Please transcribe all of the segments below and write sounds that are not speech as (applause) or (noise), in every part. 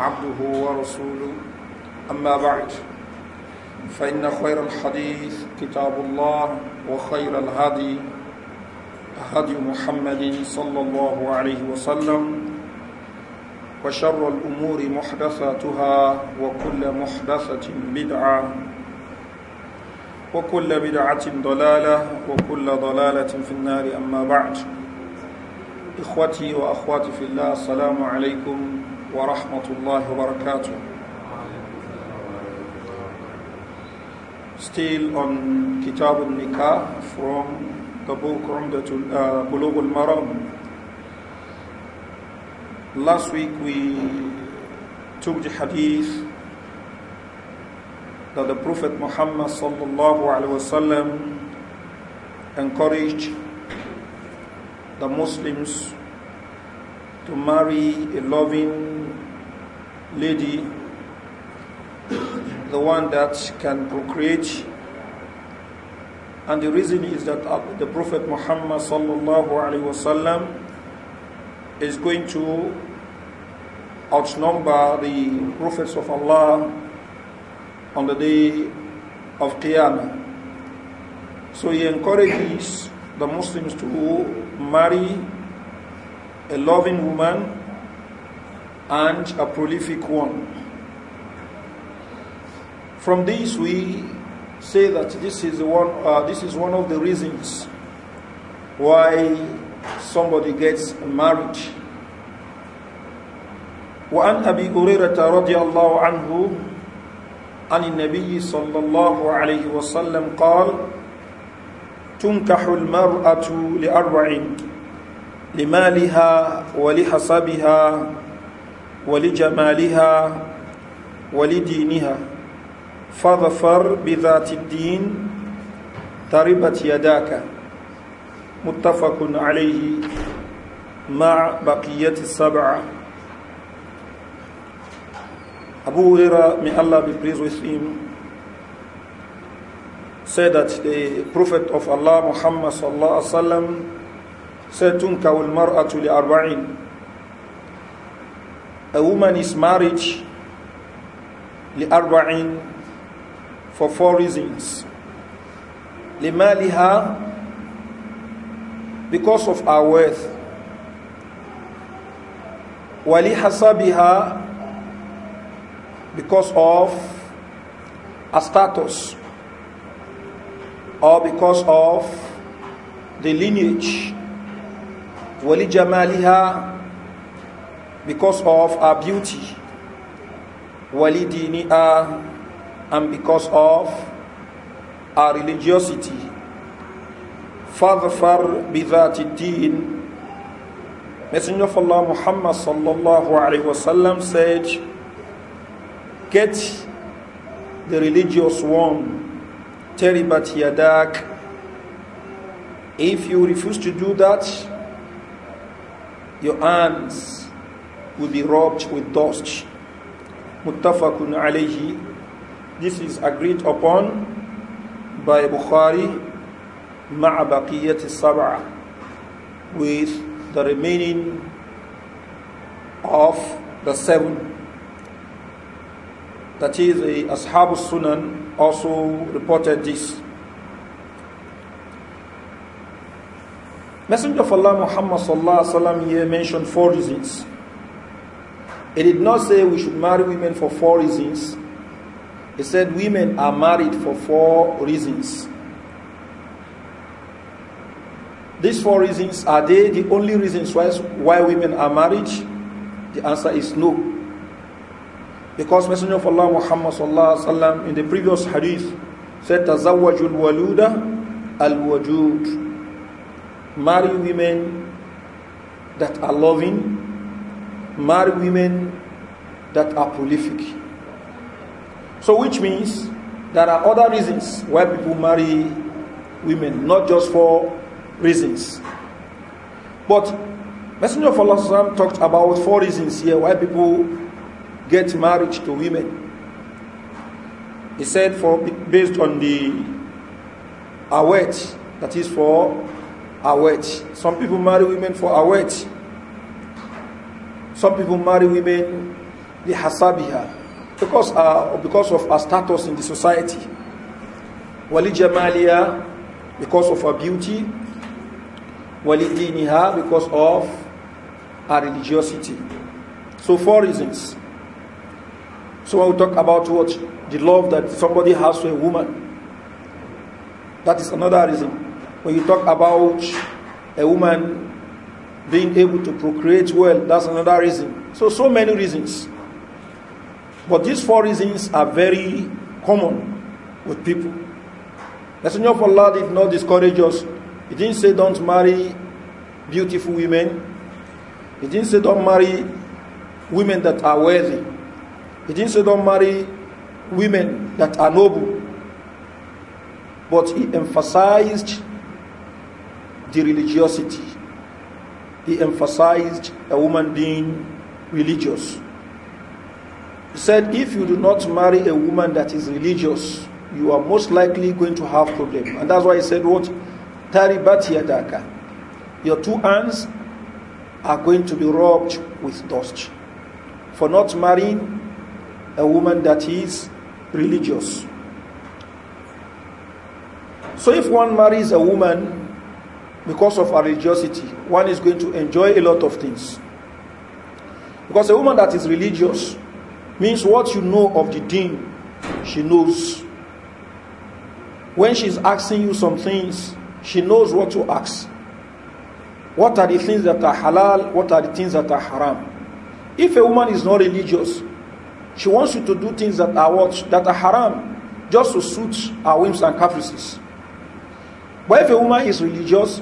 عبده ورسوله أما بعد فإن خير الحديث كتاب الله وخير الهدي هدي محمد صلى الله عليه وسلم وشر الأمور محدثاتها وكل محدثة بدعة وكل بدعة ضلالة وكل ضلالة في النار أما بعد إخوتي وأخواتي في الله السلام عليكم ورحمة الله وبركاته Still on كتاب al from the book Umdatul uh, Bulugh al Last week we took the hadith that the Prophet Muhammad صلى الله عليه وسلم encouraged the Muslims to marry a loving lady, the one that can procreate. And the reason is that uh, the Prophet Muhammad sallallahu alaihi wasallam is going to outnumber the prophets of Allah on the day of Qiyamah. So he encourages the Muslims to marry a loving woman and a prolific one. From this, we say that this is one, uh, this is one of the reasons why somebody gets married. وعن أبي هريرة رضي الله عنه عن النبي صلى الله عليه وسلم قال تنكح المرأة لأربع لمالها ولحسبها ولجمالها ولدينها فظفر بذات الدين تربت يداك متفق عليه مع بقية السبعة Abu Huraira, may Allah be pleased with him, said that the Prophet of Allah Muhammad sallallahu alaihi wasallam said, "Tunka wal mar'atu li arba'in." a woman is married لأربعين for four reasons لمالها because of her wealth ولحسابها because of a status or because of the lineage ولجمالها because of our beauty walidiniha uh, and because of our religiosity bi bidhati din messenger of allah muhammad sallallahu alaihi wasallam said get the religious one teribat yadak if you refuse to do that your hands will be rubbed with dust. Muttafaqun alayhi. This is agreed upon by Bukhari ma'abaqiyat sab'a with the remaining of the seven. That is, the Ashab Sunan also reported this. Messenger of Allah Muhammad sallallahu alaihi wasallam here mentioned four reasons he did not say we should marry women for four reasons. He said women are married for four reasons. These four reasons are they the only reasons why, why women are married? The answer is no. Because Messenger of Allah Muhammad in the previous hadith said tazawwajul waluda al wajud marry women that are loving marry women that are prolific. So, which means there are other reasons why people marry women, not just for reasons. But Messenger of Allah talked about four reasons here why people get married to women. He said, for based on the awet, that is for awet. Some people marry women for awet. Some people marry women, the hasabiha, because, uh, because of her status in the society. Wali jamalia because of her beauty. Wali diniha, because of her religiosity. So four reasons. So I'll talk about what the love that somebody has to a woman. That is another reason. When you talk about a woman being able to procreate well. That's another reason. So, so many reasons. But these four reasons are very common with people. Messenger of Allah did not discourage us. He didn't say don't marry beautiful women. He didn't say don't marry women that are wealthy. He didn't say don't marry women that are noble. But he emphasized the religiosity he emphasized a woman being religious. He said, if you do not marry a woman that is religious, you are most likely going to have problems." And that's why he said, what? Taribat yadaka. Your two hands are going to be rubbed with dust for not marrying a woman that is religious. So if one marries a woman because of her religiosity, one is going to enjoy a lot of things. Because a woman that is religious means what you know of the deen, she knows. When she's asking you some things, she knows what to ask. What are the things that are halal? What are the things that are haram? If a woman is not religious, she wants you to do things that are what? That are haram, just to suit her whims and caprices. But if a woman is religious,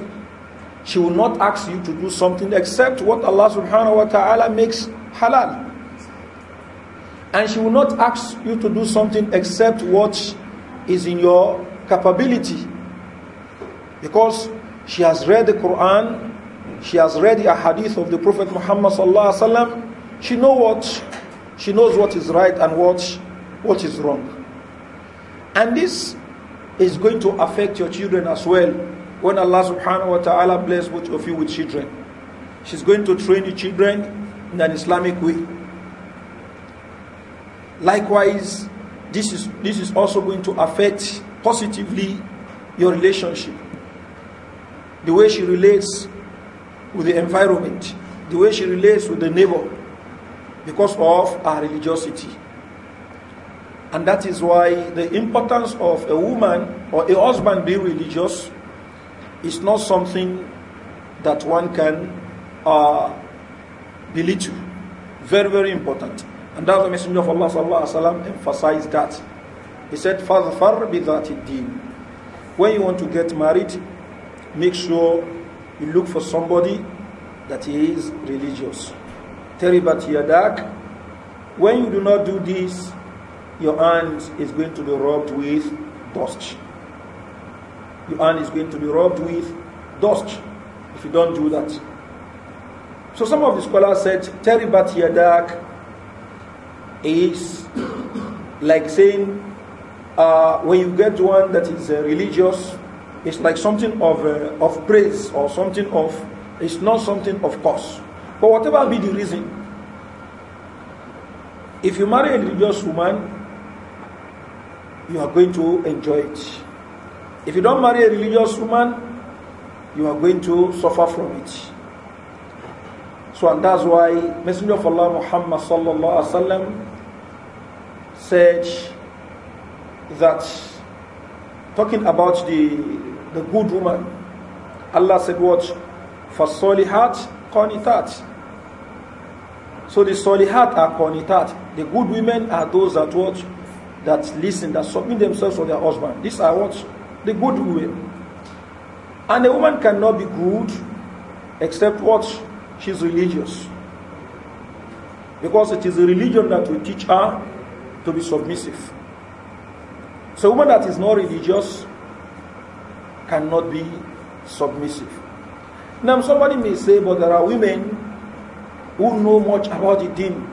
She will not ask you to do something except what Allah subhanahu wa ta'ala makes halal. And she will not ask you to do something except what is in your capability. Because she has read the Quran, she has read the hadith of the Prophet Muhammad sallallahu alaihi wasallam. She know what she knows what is right and what what is wrong. And this is going to affect your children as well when Allah subhanahu wa ta'ala bless both of you with children, she's going to train the children in an Islamic way. Likewise, this is, this is also going to affect positively your relationship. The way she relates with the environment, the way she relates with the neighbor, because of her religiosity. And that is why the importance of a woman or a husband being religious is not something that one can uh, belittle. Very, very important. And that's the Messenger of Allah sallallahu alaihi wasallam emphasized that. He said, "Fadfar bi deen." When you want to get married, make sure you look for somebody that is religious. Teribat yadak. When you do not do this, your hand is going to be rubbed with dust your hand is going to be rubbed with dust if you don't do that. So some of the scholars said Teribat Yadak is like saying uh, when you get one that is uh, religious, it's like something of, uh, of praise or something of, it's not something of course. But whatever be the reason, if you marry a religious woman, you are going to enjoy it. If you don't marry a religious woman, you are going to suffer from it. So and that's why Messenger of Allah Muhammad sallallahu alaihi wasallam said that talking about the the good woman, Allah said what for solihat qanitat. So the solihat are qanitat. The good women are those that watch, that listen, that submit themselves to their husband. These are what the good way. And a woman cannot be good except what she's religious. Because it is a religion that will teach her to be submissive. So a woman that is not religious cannot be submissive. Now somebody may say, but there are women who know much about the deen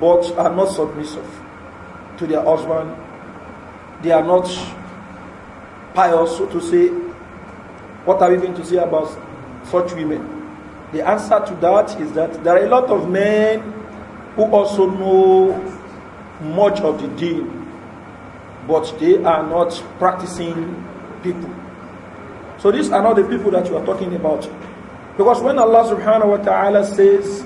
but are not submissive to their husband. They are not pious, so to say, what are we going to say about such women? The answer to that is that there are a lot of men who also know much of the deen, but they are not practicing people. So these are not the people that you are talking about. Because when Allah subhanahu wa ta'ala says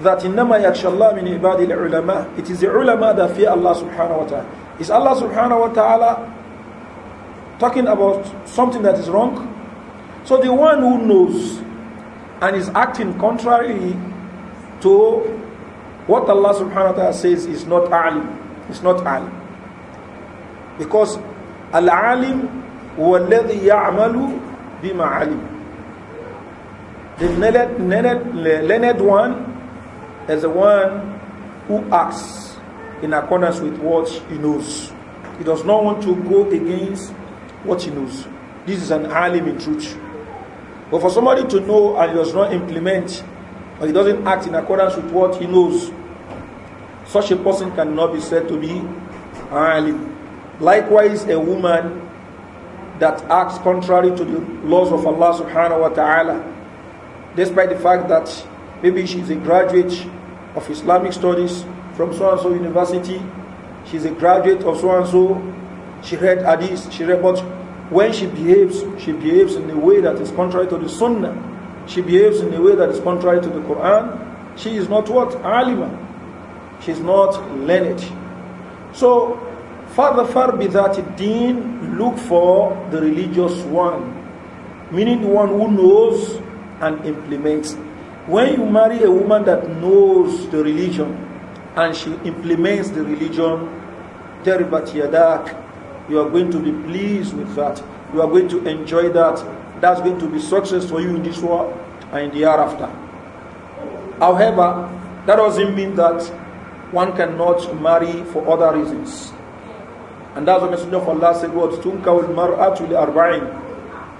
that إِنَّمَا يَخْشَى اللَّهِ مِنْ عِبَادِ الْعُلَمَاءِ It is the ulama that fear Allah subhanahu wa ta'ala. Is Allah subhanahu wa ta'ala talking about something that is wrong. So the one who knows and is acting contrary to what Allah subhanahu wa ta'ala says is not alim. It's not alim. Because al-alim huwa alladhi ya'malu bima alim. The learned, learned, learned one is the one who acts in accordance with what he knows. He does not want to go against what he knows. This is an alim in truth. But for somebody to know and he does not implement, or he doesn't act in accordance with what he knows, such a person cannot be said to be alim. Likewise, a woman that acts contrary to the laws of Allah subhanahu wa ta'ala, despite the fact that maybe she is a graduate of Islamic studies from so and so university, she's a graduate of so and so she read hadith, she read, but when she behaves, she behaves in a way that is contrary to the sunnah. She behaves in a way that is contrary to the Quran. She is not what? Alima. She is not learned. So, further far be that deen, look for the religious one. Meaning the one who knows and implements. When you marry a woman that knows the religion and she implements the religion, جربت yadak. You are going to be pleased with that. You are going to enjoy that. That's going to be success for you in this world and in the hereafter. However, that doesn't mean that one cannot marry for other reasons. And that's what Messenger of Allah said, What? Tunka Tunkawul mar'atu li arba'in.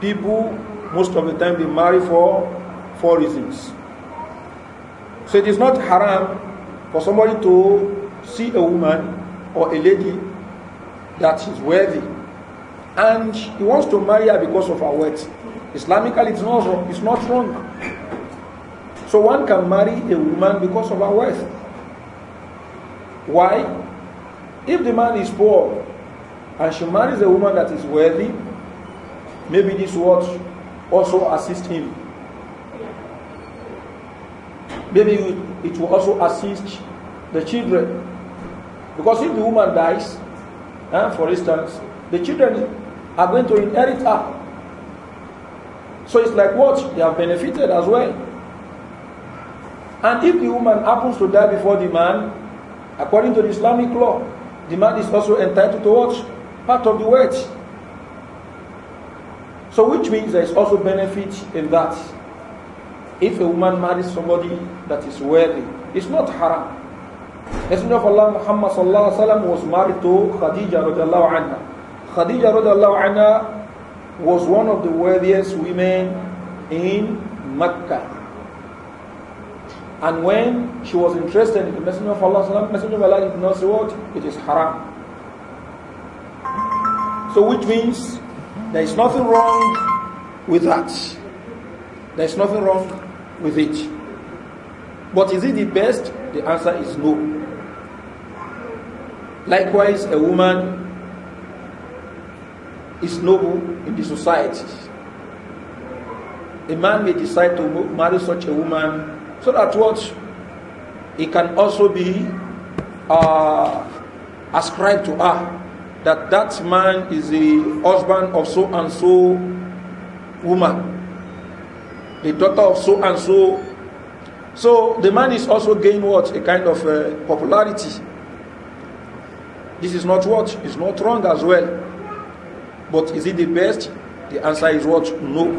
People, most of the time, they marry for four reasons. So it is not haram for somebody to see a woman or a lady that she's worthy. And he wants to marry her because of her wealth. Islamically, it's not wrong. It's not wrong. So one can marry a woman because of her wealth. Why? If the man is poor and she marries a woman that is worthy, maybe this will also assist him. Maybe it will also assist the children. Because if the woman dies, uh, for instance, the children are going to inherit her. So it's like what? They have benefited as well. And if the woman happens to die before the man, according to the Islamic law, the man is also entitled to what? Part of the wealth. So which means there is also benefit in that. If a woman marries somebody that is wealthy, it's not haram. Messenger of Allah Muhammad sallallahu alaihi wasallam was married to Khadija radiallahu anha. Khadija radiallahu anha was one of the wealthiest women in Mecca. And when she was interested in the Messenger of Allah, Messenger of Allah did not say what? It is haram. So which means there is nothing wrong with that. There is nothing wrong with it. But is it the best? The answer is no. Likewise, a woman is noble in the society. A man may decide to marry such a woman so that what he can also be uh, ascribed to her that that man is the husband of so and so woman, the daughter of so and so So the man is also gain what? A kind of uh, popularity. This is not what? It's not wrong as well. But is it the best? The answer is what? No.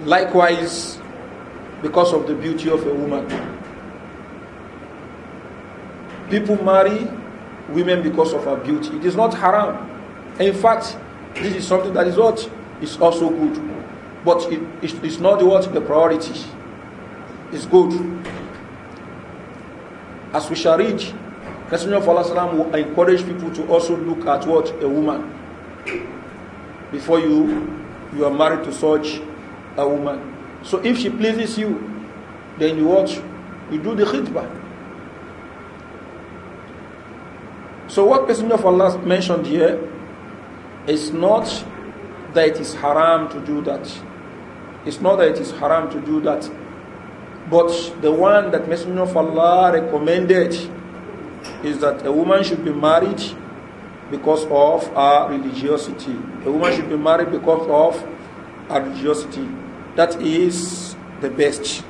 Likewise, because of the beauty of a woman. People marry women because of her beauty. It is not haram. In fact, this is something that is what? It's also good. But it, it's not what? The priority is good. As we shall read, Messenger of Allah will encourage people to also look at what a woman before you you are married to such a woman. So if she pleases you, then you watch, you do the khitbah. So what Messenger of Allah mentioned here is not that it is haram to do that. It's not that it is haram to do that. But the one that Messenger of Allah recommended is that a woman should be married because of her religiosity. A woman should be married because of her religiosity. That is the best.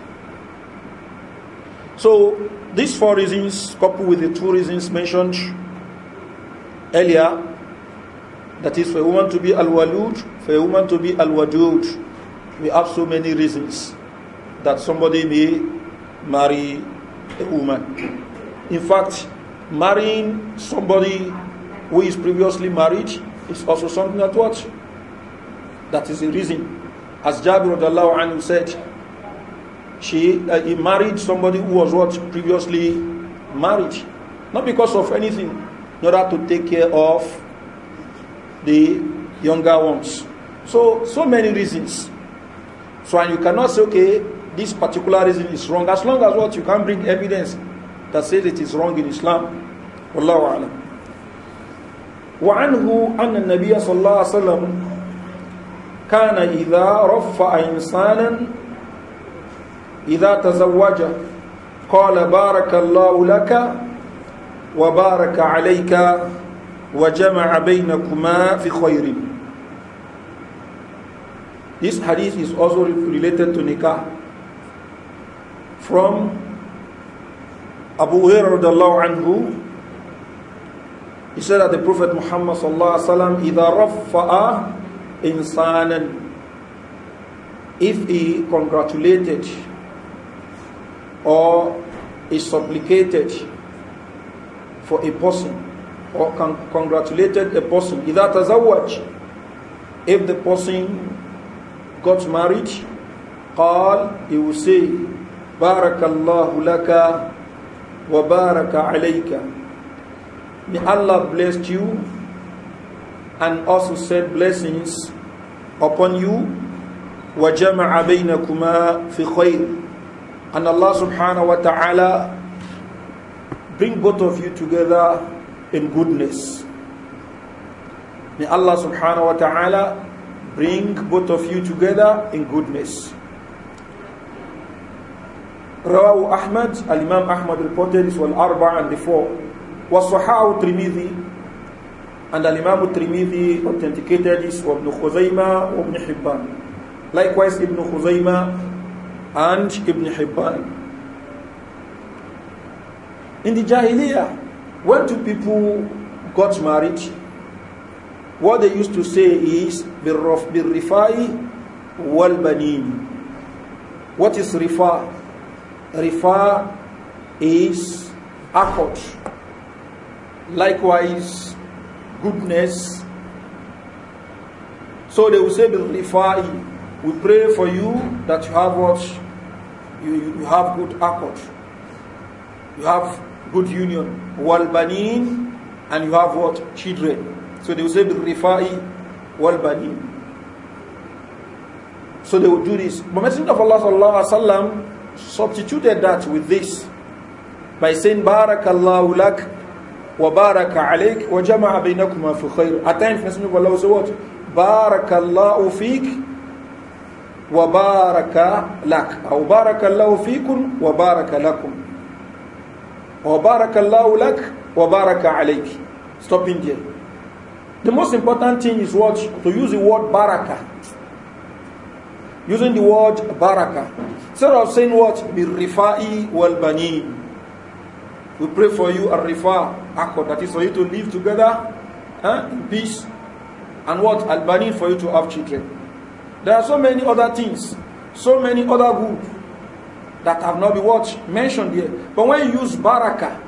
So these four reasons, coupled with the two reasons mentioned earlier, that is for a woman to be al-walud, for a woman to be al-wadud, we have so many reasons. that somebody may marry a woman. In fact, marrying somebody who is previously married is also something that what? That is the reason. As Jabir anhu said, she uh, he married somebody who was what previously married, not because of anything, in order to take care of the younger ones. So so many reasons. So and you cannot say okay this particular reason is wrong. As long as what you can bring evidence that says it is wrong in Islam. Wallahu alam. وعنه أن النبي صلى الله عليه وسلم كان إذا رفع إنسانا إذا تزوج قال بارك الله لك وبارك عليك وجمع بينكما في خير This hadith is also related to nikah from Abu Hurairah anhu. He said that the Prophet Muhammad sallallahu alaihi wasallam insanan if he congratulated or he supplicated for a person or congratulated a person a watch, if the person got married قال he will say بارك الله لك وبارك عليك May Allah bless you and also send blessings upon you وجمع بينكما في خير and Allah subhanahu wa ta'ala bring both of you together in goodness may Allah subhanahu wa ta'ala bring both of you together in goodness Rawahu Ahmad, Al Imam Ahmad reported this, Wal Arba and the four. Was الترمذي Trimidi, and Al Imam Trimidi authenticated this, Wa خزيمة Khuzayma, Wa Ibn Hibban. Likewise, Ibn Khuzayma and Ibn Hibban. In the Jahiliyyah, when two people got married, what they used to say is, "birrifai وَالْبَنِينِ What is rifa? rifa is accord. Likewise, goodness. So they will say, rifa'i, we pray for you that you have what? You, you have good accord. You have good union. Walbanin, and you have what? Children. So they will say, rifa'i, walbanin. So they will do this. But Messenger of Allah sallallahu alaihi wasallam substituted that with this by saying barakallahu lak wa baraka alayk wa jama'a baynakuma fi khair at times messenger of allah said barakallahu fik wa baraka lak aw barakallahu fikum wa baraka lakum wa barakallahu lak wa baraka alayk stopping there the most important thing is what to use the word baraka using the word baraka. Instead of saying what? Birrifa'i wal banin. We pray for you a rifa accord, that is for you to live together in peace. And what? Al banin for you to have children. There are so many other things, so many other good that have not been what? Mentioned here. But when you use baraka,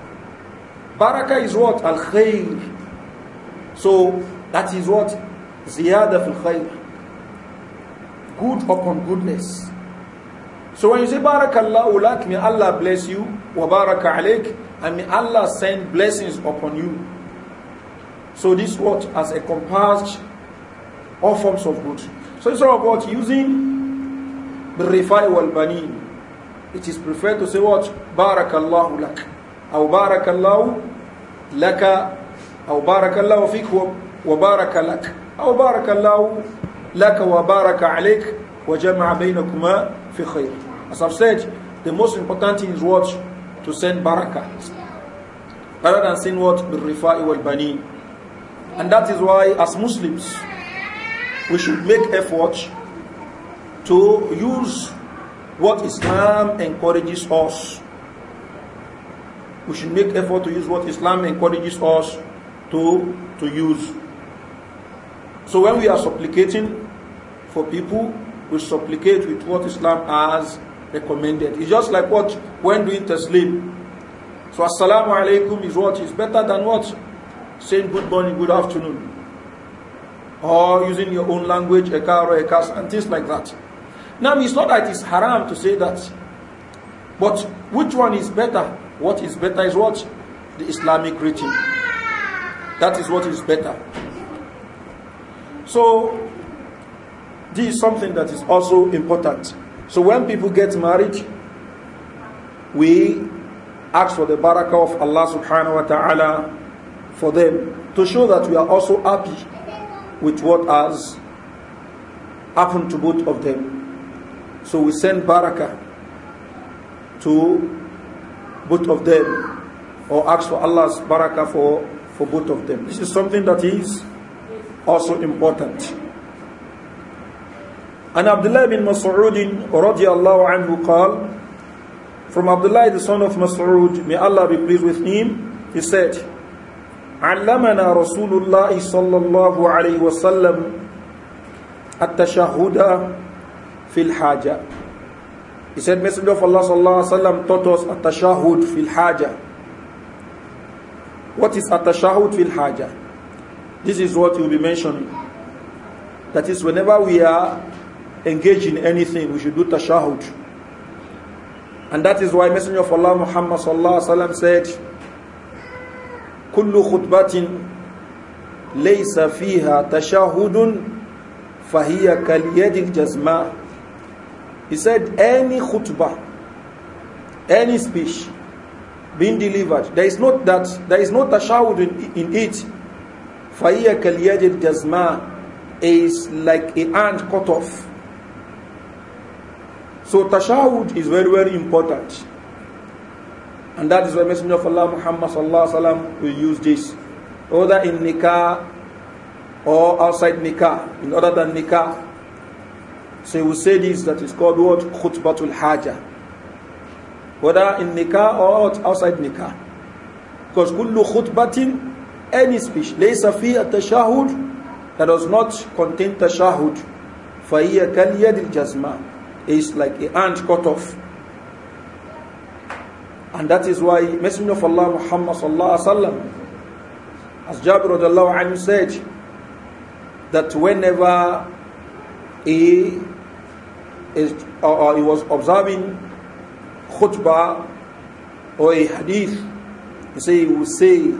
baraka is what? Al khair. So that is what? Ziyada fil khair good upon goodness. So when you say Barakallah ulak, may Allah bless you, wa baraka alaik, and may Allah send blessings upon you. So this what has encompassed all forms of good. So it's all about using Birrifai wal Banin. It is preferred to say what? Barakallahu lak. Aw barakallahu laka. Aw barakallahu fik wa baraka lak. Aw barakallahu لك وبارك عليك وجمع بينكما في خير. As I've said, the most important thing is what? To send barakah. Rather than send what? بالرفاء والبنين. And that is why as Muslims, we should make effort to use what Islam encourages us. We should make effort to use what Islam encourages us to, to use. So when we are supplicating for people, we supplicate with what Islam has recommended. It's just like what when doing taslim. So assalamu alaikum is what is better than what saying good morning, good afternoon, or using your own language, or ekas, and things like that. Now it's not that it's haram to say that, but which one is better? What is better is what the Islamic greeting. That is what is better. So this is something that is also important. So when people get married, we ask for the barakah of Allah subhanahu wa ta'ala for them to show that we are also happy with what has happened to both of them. So we send barakah to both of them or ask for Allah's barakah for, for both of them. This is something that is also important. And Abdullah bin Mas'ud radiallahu anhu qal, from Abdullah the son of Mas'ud, may Allah be pleased with him, he said, علمنا رسول الله صلى الله عليه وسلم التشهد في الحاجة He said, Messenger of Allah sallallahu alaihi wasallam taught us at-tashahud fil haja. What is at-tashahud fil haja? This is what you'll be mentioning. That is, whenever we are engaged in anything, we should do tashahud. And that is why Messenger of Allah Muhammad sallallahu said, "Kullu khutbatin laysa fiha tashahudun, fahiya kaliyadil jazma." He said, "Any khutbah, any speech being delivered, there is not that there is no tashahud in, in it." فَهِيَ كَالْيَدِ jazma is like a hand cut off. So tashahud is very, very important. And that is why Messenger of Allah Muhammad sallallahu alaihi wasallam will use this. Whether in nikah or outside nikah, in other than nikah. So he will say this that is called what? Khutbatul haja. Whether in nikah or outside nikah. Because kullu khutbatin any speech laysa fiha tashahhud that does not contain tashahhud fa hiya kal yadil jazma is like a hand cut off and that is why messenger of allah muhammad sallallahu alaihi wasallam as jabir radiallahu anhu said that whenever he is or, he was observing khutbah or a hadith he say he would say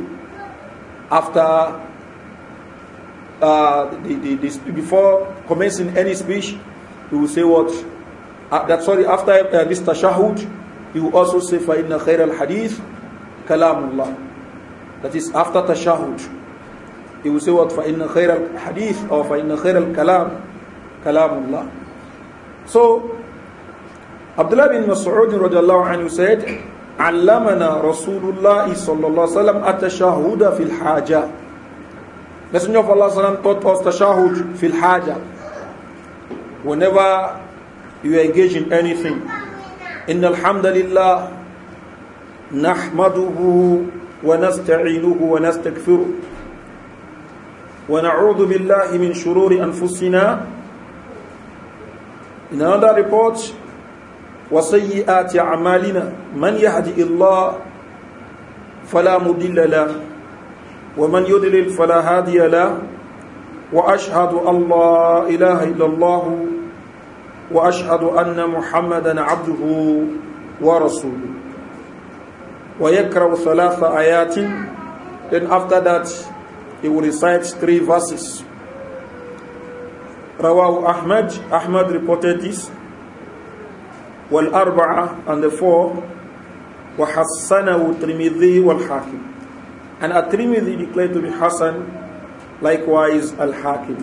after uh, the, the, the, before commencing any speech, he will say what? Uh, that, sorry, after uh, this tashahud, he will also say, فَإِنَّ خَيْرَ الْحَدِيثِ كَلَامُ اللَّهِ That is after tashahud. He will say what? فَإِنَّ خَيْرَ الْحَدِيثِ or فَإِنَّ خَيْرَ الْكَلَامِ كَلَامُ اللَّهِ So, Abdullah bin Mas'ud radiallahu anhu said, علمنا رسول الله صلى الله عليه وسلم التشهد في الحاجة نسمع Messenger of Allah sallam, taught us tashahud في الحاجة Whenever you engage in anything, إن الحمد لله نحمده ونستعينه ونستغفره ونعوذ بالله من شرور أنفسنا In another report, وسيئات أعمالنا من يهدي الله فلا مضل له ومن يضلل فلا هادي له وأشهد أن لا إله إلا الله وأشهد أن محمدا عبده ورسوله ويكره ثلاث آيات then after that he will recite three verses رواه أحمد أحمد reported this والأربعة and the four وحسنه الترمذي والحاكم and At-Tirmidhi declared to be Hassan likewise Al-Hakim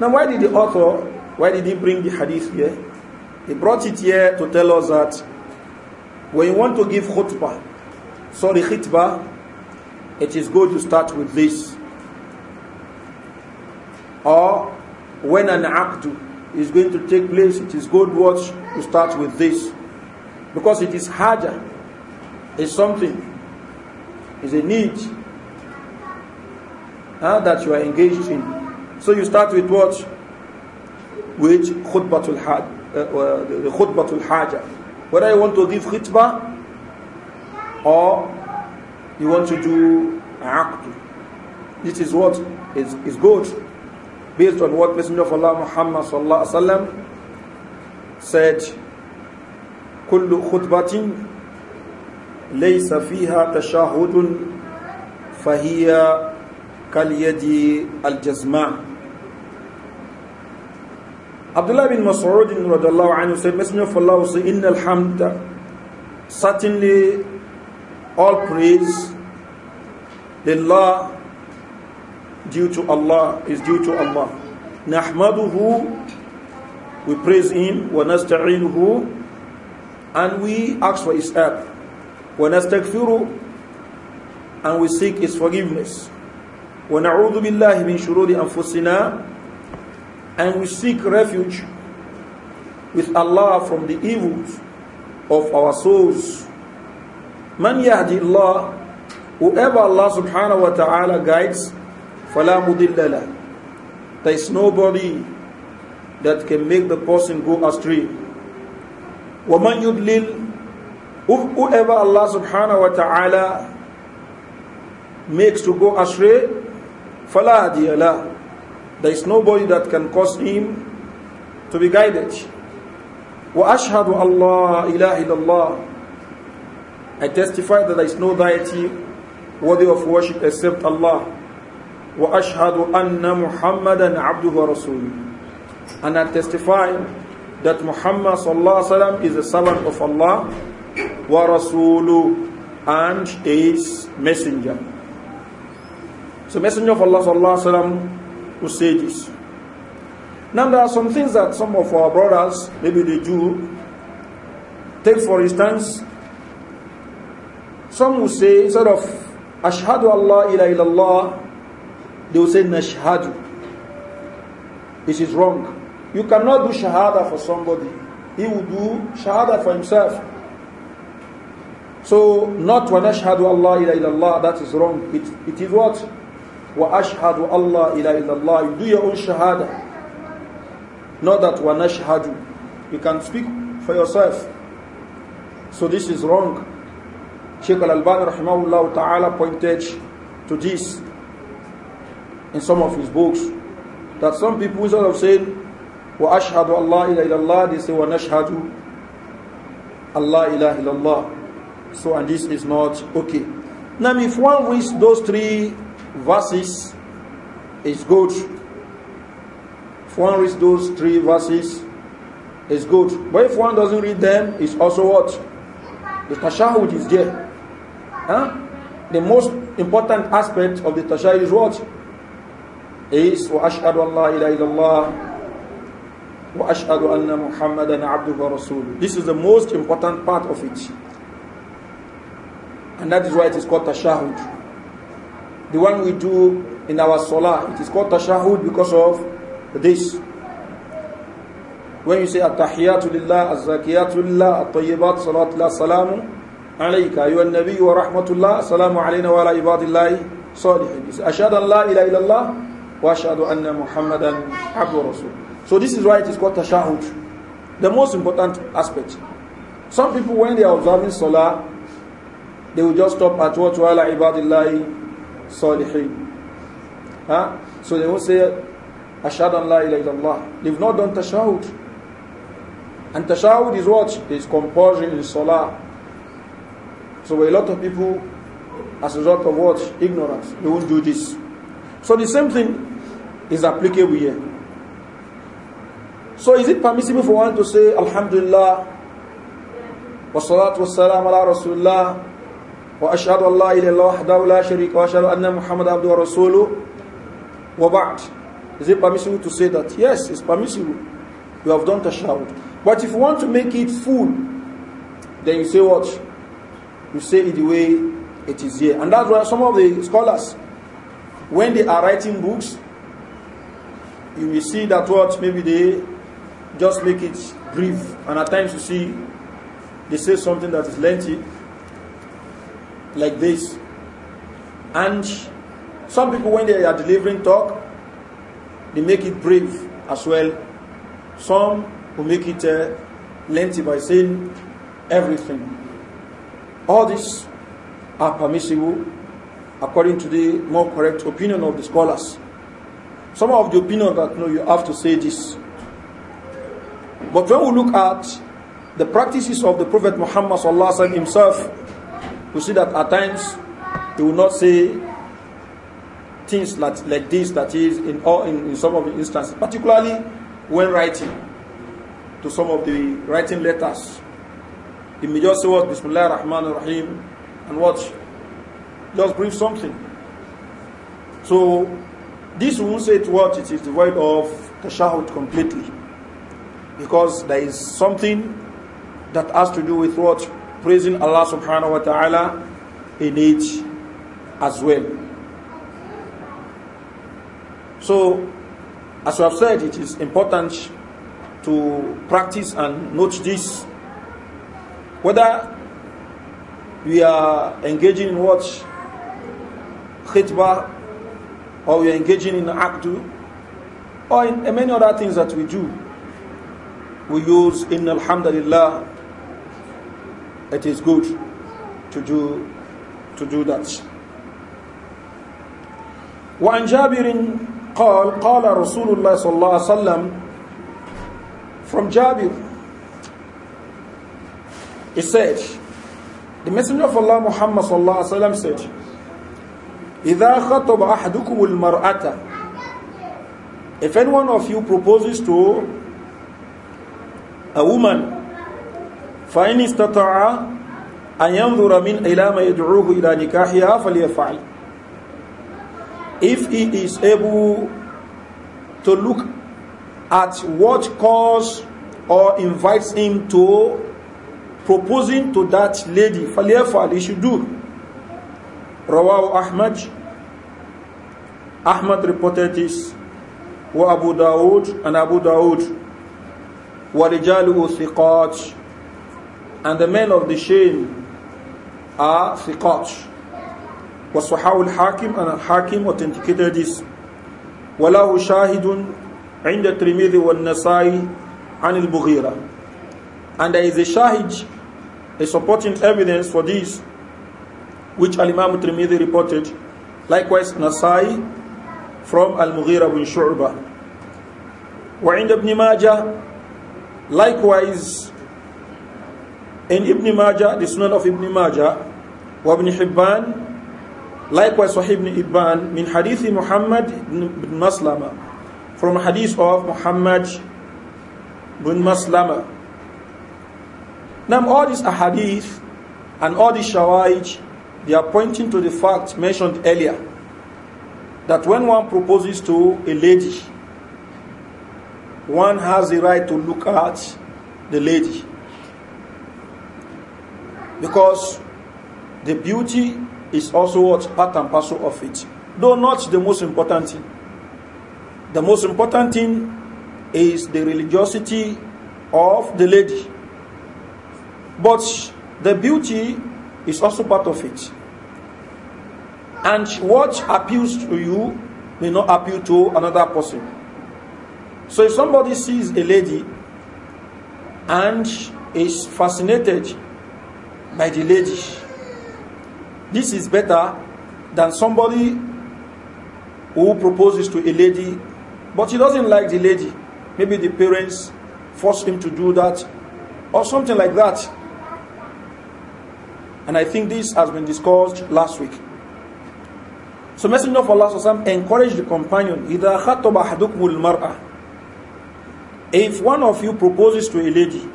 now why did the author why did he bring the hadith here he brought it here to tell us that when you want to give khutbah sorry khutbah it is good to start with this or when an aqdu is going to take place, it is good watch to start with this. Because it is harder, it's something, it's a need huh, that you are engaged in. So you start with what? With khutbatul haj, uh, uh the khutbatul haja. Whether you want to give khutbah or you want to do aqd. This is what is, is good based on what Messenger of Allah Muhammad sallallahu alaihi wasallam said كل خطبة ليس فيها تشهد فهي كاليد الجزماء Abdullah bin رضي الله عنه said, Messenger of Allah will say, Inna certainly all praise, Allah due to Allah is due to Allah. Nahmaduhu, we praise Him, wa nasta'inuhu, and we ask for His help. Wa nastaghfiru, and we seek His forgiveness. Wa na'udhu billahi min shururi anfusina, and we seek refuge with Allah from the evils of our souls. Man yahdi Allah, whoever Allah subhanahu wa ta'ala guides, فَلَا مُضِلَّ There is nobody that can make the person go astray. وَمَنْ يُدْلِلْ Whoever Allah subhanahu wa ta'ala makes to go astray, فَلَا دِيَلَا There is nobody that can cause him to be guided. وَأَشْهَدُ أَلَّا إِلَهِ اللَّهِ I testify that there is no deity worthy of worship except Allah. وأشهد أن محمدا عبده ورسوله and I testify that Muhammad sallallahu alaihi wasallam is a servant of Allah wa rasulu and his messenger so messenger of Allah sallallahu alaihi wasallam who say this now there are some things that some of our brothers maybe the Jew take for instance some will say sort of ashhadu allah ila illallah they will say nashhadu. This is wrong. You cannot do shahada for somebody. He will do shahada for himself. So not wa nashhadu Allah ila illallah, that is wrong. It, it is what? Wa ashhadu Allah ila illallah. You do your own shahada. Not that wa nashhadu. You can speak for yourself. So this is wrong. Sheikh Al-Albani rahimahullah ta'ala pointed to this in some of his books that some people instead of saying wa ashhadu Allah ila illallah they say wa nashhadu Allah ila illallah so and this is not okay now if one reads those three verses is good if one reads those three verses is good but if one doesn't read them it's also what the tashahud is there huh? the most important aspect of the tashahud is what is wa ashadu an la ilaha illallah wa ashadu anna muhammadan abduhu this is the most important part of it and that is why it is called tashahud the one we do in our salah it is called tashahud because of this when you say attahiyatu lillah azzakiyatu lillah at-tayyibat salatu la salamu عليك أيها النبي ورحمة الله السلام علينا وعلى عباد الله صالحين أشهد أن لا إله إلا الله واشهد ان Muhammadan عبده ورسوله so this is why it is called tashahud the most important aspect some people when they are observing salah they will just stop at what wala ibadillahi salihin huh? so they will say ashhadu an la ilaha illallah they've not done tashahud and tashahud is what is compulsion in salah so a lot of people as a result of what ignorance they won't do this so the same thing is applicable here. So is it permissible for one to say Alhamdulillah wa salatu wa salam ala Rasulullah wa ashadu allah ila ilaha wahdahu la sharika wa ashadu anna Muhammad abdu wa rasuluh wa ba'd. Is it permissible to say that? Yes, it's permissible. You have done tashahud. But if you want to make it full, then you say what? You say it the way it is here. And that's why some of the scholars, when they are writing books, you will see that what maybe they just make it brief, and at times you see they say something that is lengthy, like this. And some people, when they are delivering talk, they make it brief as well. Some who make it uh, lengthy by saying everything. All this are permissible according to the more correct opinion of the scholars. Some of the opinion that no, you have to say this. But when we look at the practices of the Prophet Muhammad sallallahu himself, we see that at times he will not say things like, like this. That is in all in, in some of the instances, particularly when writing to some of the writing letters. He may just say what Bismillah Rahman Rahim and what just brief something. So this will say what it is devoid of tashahud completely. Because there is something that has to do with what? Praising Allah subhanahu wa ta'ala in it as well. So, as we have said, it is important to practice and note this. Whether we are engaging in what? Khitbah or we are engaging in akdu, or in eh, many other things that we do. We use in Alhamdulillah, it is good to do, to do that. وعن جابر قال قال رسول الله صلى الله عليه وسلم from Jabir he said the messenger of Allah Muhammad صلى الله عليه وسلم said إذا خطب أحدكم المرأة if any one of you proposes to a woman فإن استطاع أن ينظر من إلى ما يدعوه إلى نكاحها فليفعل if he is able to look at what cause or invites him to proposing to that lady فليفعل he should do رواه أحمد أحمد ريبوتيتيس وأبو داود أن أبو داود ورجاله وثقات and the men of the chain are ثقات وصحاو الحاكم أن الحاكم authenticated this وله شاهد عند الترمذي والنسائي عن البغيرة and there is a شاهد a supporting evidence for this which Al-Imam Trimidi reported. Likewise, Nasai from Al-Mughira bin Shu'bah. وعند ابن ماجه likewise and Ibn Majah the son of Ibn Majah وابن حبان likewise Sahih Ibn Ibban min hadith Muhammad bin Maslama from hadith of Muhammad bin Maslama now all these ahadith and all these shawaij they are pointing to the fact mentioned earlier that when one proposes to a lady, one has the right to look at the lady because the beauty is also what part and parcel of it, though not the most important thing. The most important thing is the religiosity of the lady, but the beauty is also part of it. And what appeals to you may not appeal to another person. So if somebody sees a lady and is fascinated by the lady, this is better than somebody who proposes to a lady, but he doesn't like the lady. Maybe the parents force him to do that or something like that. And I think this has been discussed last week. So Messenger of Allah encouraged the companion, if one of you proposes to a lady,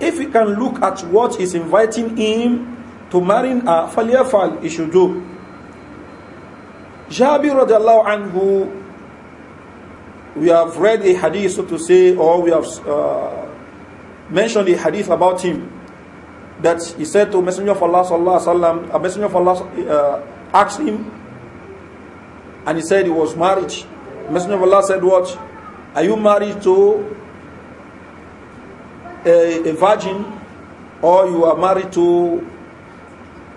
If he can look at what is inviting him to marry, her, فَلْيَفَعْلْ He should do. Jabir radiallahu anhu, we have read a hadith, so to say, or we have uh, mentioned a hadith about him that he said to Messenger of Allah sallallahu alaihi wasallam, a uh, Messenger of Allah uh, asked him, and he said he was married. Messenger of Allah said, "What? Are you married to a, a virgin, or you are married to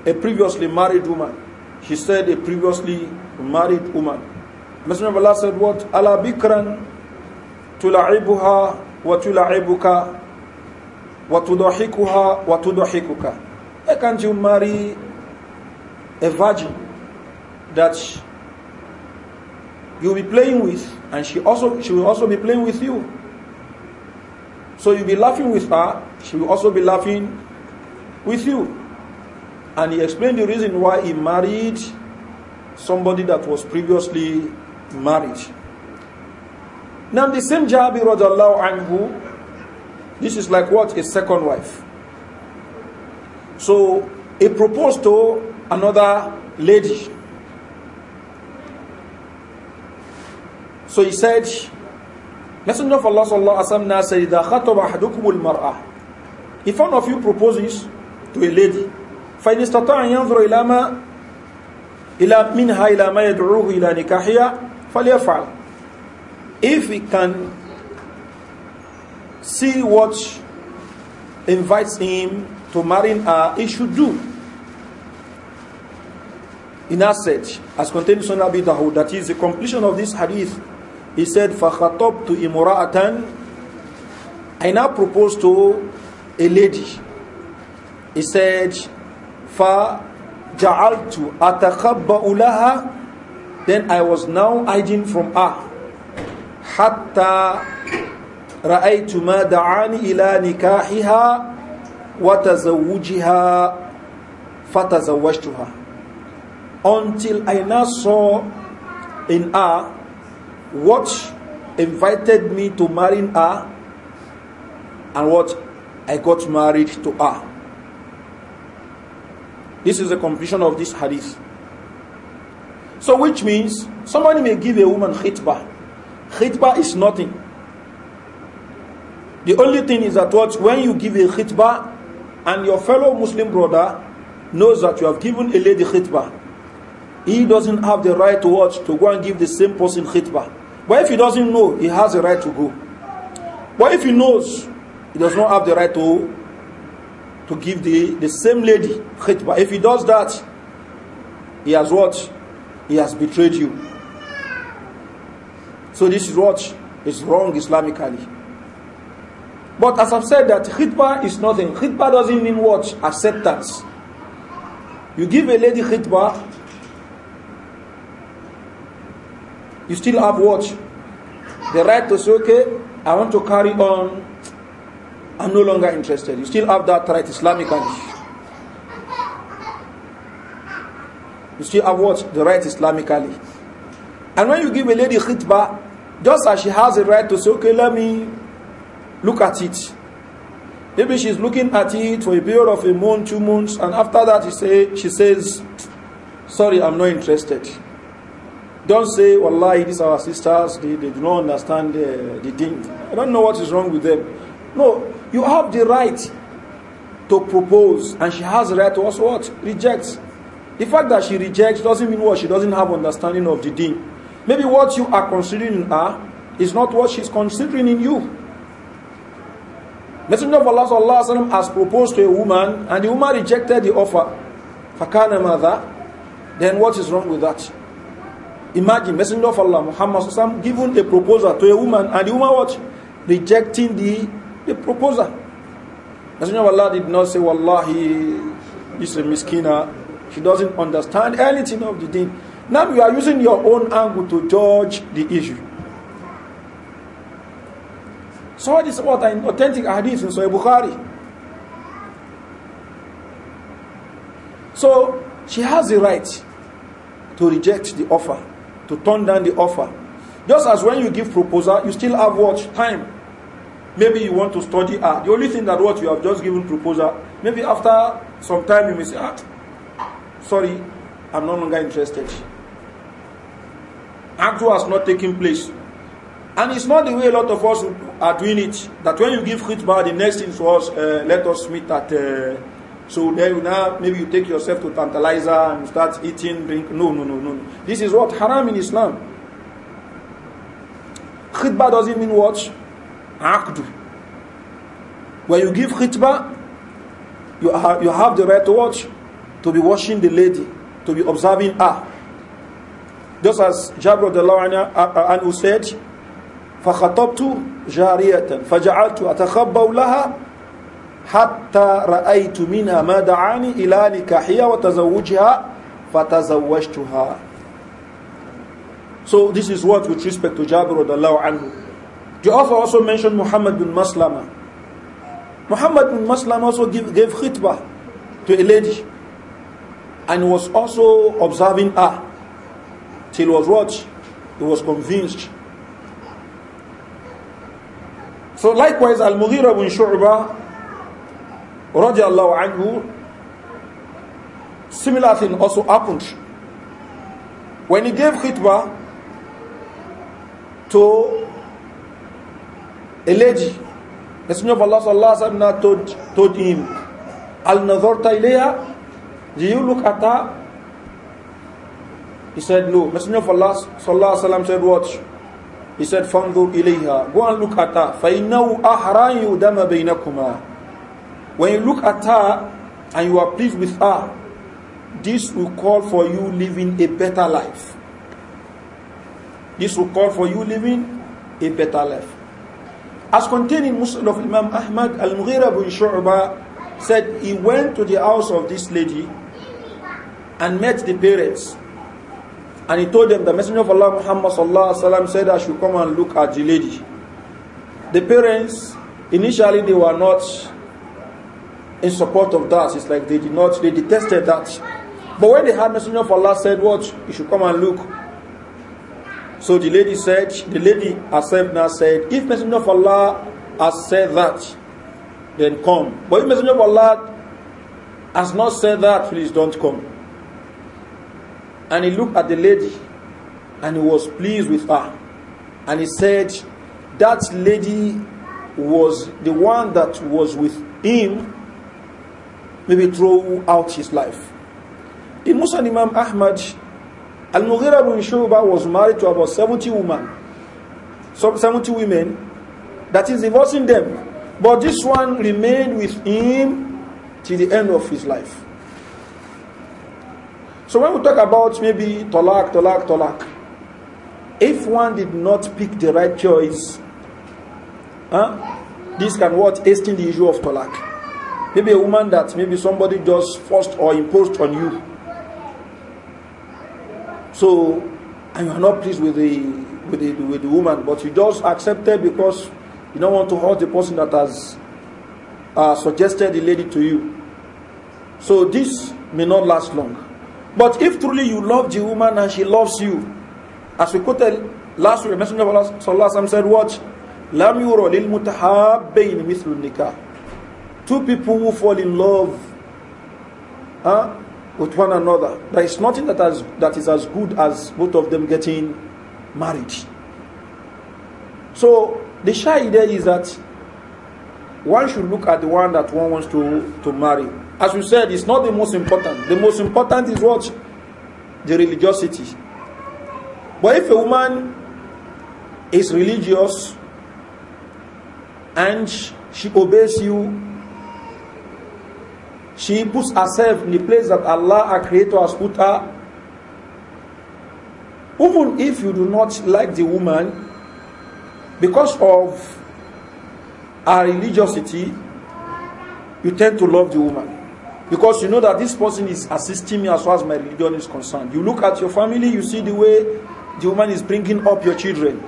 a previously married woman?" He said, "A previously married woman." Messenger of Allah said, "What? Ala bikran tula'ibuha wa tula'ibuka وَتُضَحِكُهَا وَتُضَحِكُكَ Why can't you marry a virgin that you'll be playing with and she also she will also be playing with you. So you'll be laughing with her, she will also be laughing with you. And he explained the reason why he married somebody that was previously married. Now the same Jabir radiallahu anhu this is like what? A second wife. So he proposed to another lady. So he said, Messenger of Allah sallallahu wa wasallam said, "Idha khataba ahadukum If one of you proposes to a lady, فإن ينظر إلى ما إلى منها إلى ما يدعوه إلى نكاحها فليفعل. If he can see what invites him to marry her, he should do. In our set, as contained in Sunnah Abi Dawud, that is the completion of this hadith, he said, فَخَطَبْتُ إِمُرَأَةً I now propose to a lady. He said, "Fa فَجَعَلْتُ أَتَخَبَّأُ لَهَا Then I was now hiding from her. Hatta. رأيت ما دعاني إلى نكاحها وتزوجها فتزوجتها until I now saw in her what invited me to marry her and what I got married to her. This is the completion of this hadith. So, which means somebody may give a woman khitbah. Khitbah is nothing. The only thing is that what when you give a khitbah and your fellow Muslim brother knows that you have given a lady khitbah, he doesn't have the right to watch to go and give the same person khitbah. But if he doesn't know, he has a right to go. But if he knows, he does not have the right to to give the, the same lady khitbah. If he does that, he has what? He has betrayed you. So this is what is wrong Islamically. But as I've said that khitbah is nothing. Khitbah doesn't mean what? Acceptance. You give a lady khitbah, you still have what? The right to say, okay, I want to carry on. I'm no longer interested. You still have that right Islamically. You still have what? The right Islamically. And when you give a lady khitbah, just as she has a right to say, okay, let me Look at it. Maybe she's looking at it for a period of a month, two months, and after that she, say, she says, Sorry, I'm not interested. Don't say, Wallahi, these are our sisters, they, they do not understand the, the thing. I don't know what is wrong with them. No, you have the right to propose, and she has the right to also what? Reject. The fact that she rejects doesn't mean what she doesn't have understanding of the thing. Maybe what you are considering in ah, her is not what she's considering in you. Messenger of Allah sallallahu alaihi wasallam has proposed to a woman and the woman rejected the offer. Fakana mother, then what is wrong with that? Imagine Messenger of Allah Muhammad sallallahu alaihi wasallam, giving a proposal to a woman and the woman what? Rejecting the, the proposal. Messenger of Allah did not say, Wallahi, this is a miskina. She doesn't understand anything of the deen. Now you are using your own angle to judge the issue. Saw this what an authentic hadith in Sahih Bukhari. So she has the right to reject the offer, to turn down the offer. Just as when you give proposal, you still have what time. Maybe you want to study Ah, The only thing that what you have just given proposal, maybe after some time you may say, ah, sorry, I'm no longer interested. Act has not taking place. And it's not the way a lot of us are doing it. That when you give khutbah, the next thing was, uh, let us meet at. Uh, so then you now, maybe you take yourself to tantalizer and start eating, drink. No, no, no, no. This is what? Haram in Islam. Khutbah doesn't mean what? Aqdu. When you give khutbah, you, you have the right to watch, to be watching the lady, to be observing her. Just as Jabir and who uh, uh, said, فخطبت جارية فجعلت أتخبو لها حتى رأيت منها ما دعاني إلى نكاحها وتزوجها فتزوجتها So this is what with respect to Jabir radiallahu anhu. The author also mentioned Muhammad bin Maslama. Muhammad bin Maslama also give, gave khitbah to a lady and was also observing her till was what? He was convinced So likewise, Al-Mughira ibn Shu'ba, radiallahu anhu, similar thing also happened. When he gave khitbah to a lady, Messenger of Allah sallallahu alayhi wa told, told him, Al-Nadharta ilayha, do you look at her? He said, no. Messenger of Allah sallallahu alayhi wa said, 'Watch.'" He said, Fandu ilayha. Go and look at her. فَإِنَّهُ أَحْرَانْ يُدَمَ بَيْنَكُمَا When you look at her and you are pleased with her, this will call for you living a better life. This will call for you living a better life. As contained in Muslim of Imam Ahmad, Al-Mughira bin Shu'ba said he went to the house of this lady and met the parents And he told them, the Messenger of Allah Muhammad sallallahu alaihi wasallam said, I should come and look at the lady. The parents, initially they were not in support of that. It's like they did not, they detested that. But when they heard Messenger of Allah said, what? You should come and look. So the lady said, the lady herself now said, if Messenger of Allah has said that, then come. But if Messenger of Allah has not said that, please don't come. And he looked at the lady and he was pleased with her. And he said, That lady was the one that was with him, maybe throughout his life. The Muslim Imam Ahmad, Al Mughira bin Shuba was married to about 70 women. Some 70 women. That is divorcing them. But this one remained with him till the end of his life. So when we talk about maybe talak, talak, talak, if one did not pick the right choice, huh, this can what hasten the issue of talak. Maybe a woman that maybe somebody just forced or imposed on you. So, and you are not pleased with the with the with the woman, but you just accepted because you don't want to hurt the person that has uh, suggested the lady to you. So this may not last long. But if truly you love the woman and she loves you, as we quoted last week, Messenger of Allah sallallahu said, "What? Lam yuro lil mutahabbain mithlu nikah." Two people who fall in love huh, with one another, there is nothing that, as that is as good as both of them getting married. So the shy idea is that one should look at the one that one wants to, to marry as we said, it's not the most important. The most important is what? The religiosity. But if a woman is religious and she obeys you, she puts herself in the place that Allah, our Creator, has put her. Even if you do not like the woman, because of her religiosity, you tend to love the woman. Because you know that this person is assisting me as far as my religion is concerned. You look at your family, you see the way the woman is bringing up your children.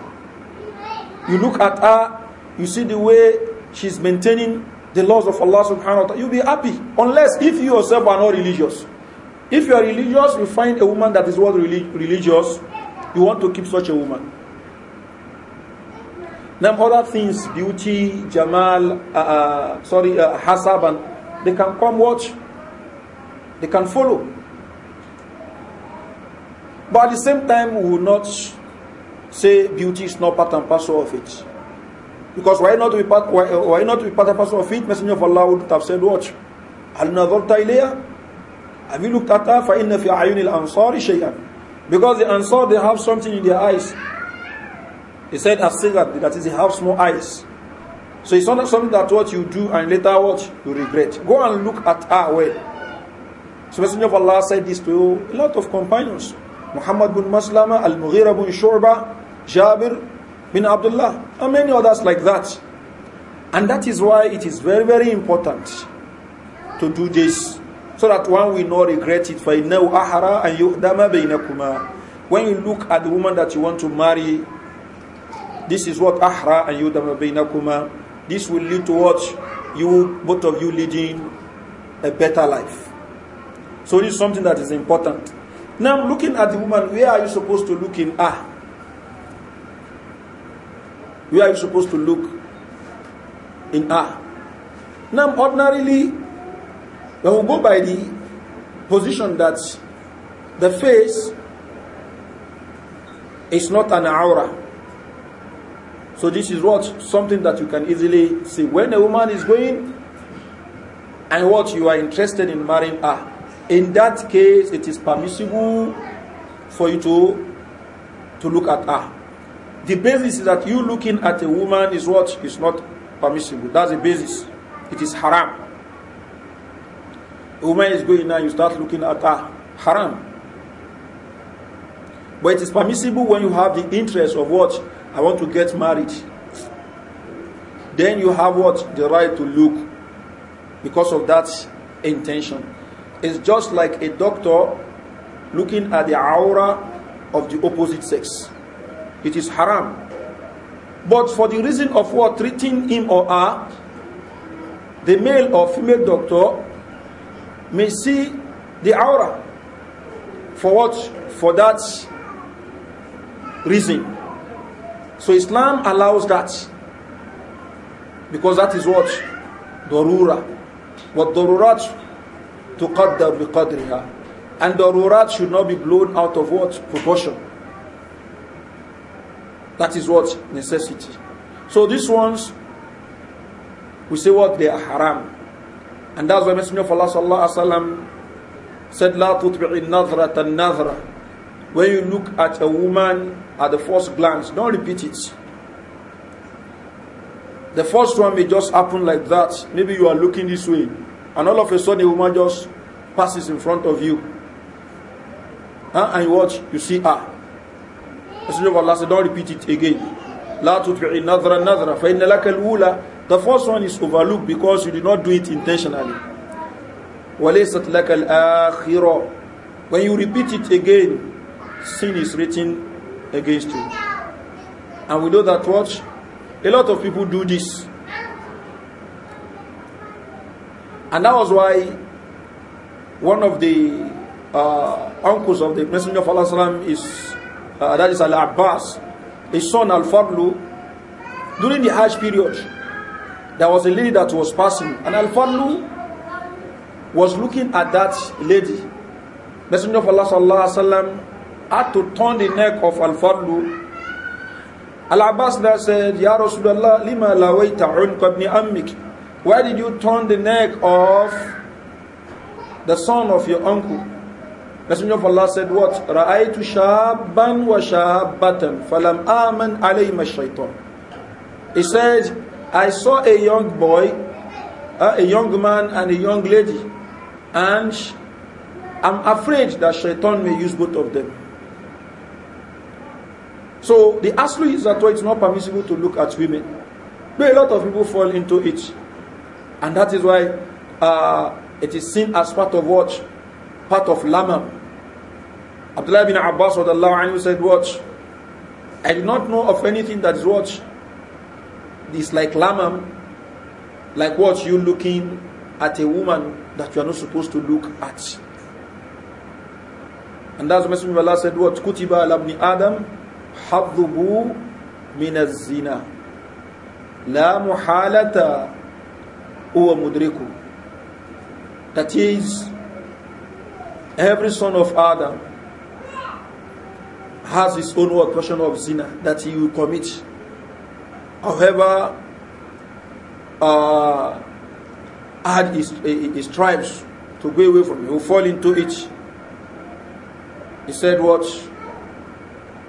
You look at her, you see the way she's maintaining the laws of Allah subhanahu wa ta'ala. You'll be happy. Unless if you yourself are not religious. If you are religious, you find a woman that is what religious, you want to keep such a woman. Now other things, beauty, Jamal, uh, uh sorry, uh, Hasab, and they can come watch. They can follow. But at the same time, we will not say beauty is not part and parcel of it. Because why not be part why, why not be part and parcel of it? Messenger of Allah would have said Watch. Have you looked at her? فَإِنَّ فِي أَعْيُنِ الْأَنصَارِ شَيْئًا Because the Ansar, they have something in their eyes. He said, "Asigat," that is, they have small eyes. So it's not something that what you do and later what you regret. Go and look at her well. So Messenger of Allah said this to a lot of companions. Muhammad bin Maslama, Al-Mughira bin Shurba, Jabir bin Abdullah, and many others like that. And that is why it is very, very important to do this so that one will not regret it. فَإِنَّهُ أَحْرَى أَنْ يُؤْدَمَ بَيْنَكُمَا When you look at the woman that you want to marry, this is what أَحْرَى أَنْ يُؤْدَمَ بَيْنَكُمَا This will lead to what? You, both of you leading a better life. So this is something that is important. Now, looking at the woman, where are you supposed to look in her? Where are you supposed to look in her? Now, ordinarily, when we go by the position that the face is not an aura. So this is what something that you can easily see. When a woman is going and what you are interested in marrying her, in that case it is permissible for you to to look at her the basis is that you looking at a woman is what is not permissible that's the basis it is haram a woman is going now you start looking at her haram but it is permissible when you have the interest of what i want to get married then you have what the right to look because of that intention is just like a doctor looking at the aura of the opposite sex. It is haram. But for the reason of what treating him or her, the male or female doctor may see the aura. For what? For that reason. So Islam allows that. Because that is what? Dorura. What dorurat تقدر بقدرها and ضرورات should not be blown out of what proportion that is what necessity so these ones we say what they are haram and that's why messenger of allah sallallahu alaihi wasallam said la tutbi'i nadhrata nadhra when you look at a woman at the first glance don't repeat it the first one may just happen like that maybe you are looking this way and all of a sudden a woman just passes in front of you. Huh? And you watch, you see her. Messenger of Allah said, don't repeat it again. La tutfi'i nadra nadra fa inna laka al-ula. The first one is overlooked because you did not do it intentionally. Walaysat laka al-akhira. When you repeat it again, sin is written against you. And we know that Watch, A lot of people do this. And that was why one of the uh, uncles of the Messenger of Allah is, uh, that is Al Abbas, his son Al Fadlu, during the Hajj period, there was a lady that was passing, and Al Fadlu was looking at that lady. Messenger of Allah sallam, had to turn the neck of Al Fadlu. Al Abbas said, Ya Rasulullah, lima lawaita unqa ibn ammik. Why did you turn the neck of the son of your uncle? Messenger of Allah said what? Ra'aytu shabban wa shabbatan falam aman alayhim shaitan He said, I saw a young boy, uh, a young man and a young lady and I'm afraid that shaitan may use both of them. So the aslu is that it's not permissible to look at women. But a lot of people fall into it. And that is why uh, it is seen as part of what? Part of Lama. Abdullah bin Abbas said, Watch. I do not know of anything that is watch. This like lama, like what you looking at a woman that you are not supposed to look at. And that's what Messenger of Allah said, What? Kutiba al abni Adam, haddubu min zina. La muhalata huwa mudriku. That is, every son of Adam has his own work, portion of zina that he will commit. However, uh, add his, eh, eh, his tribes to go away from it, will fall into it. He said, What?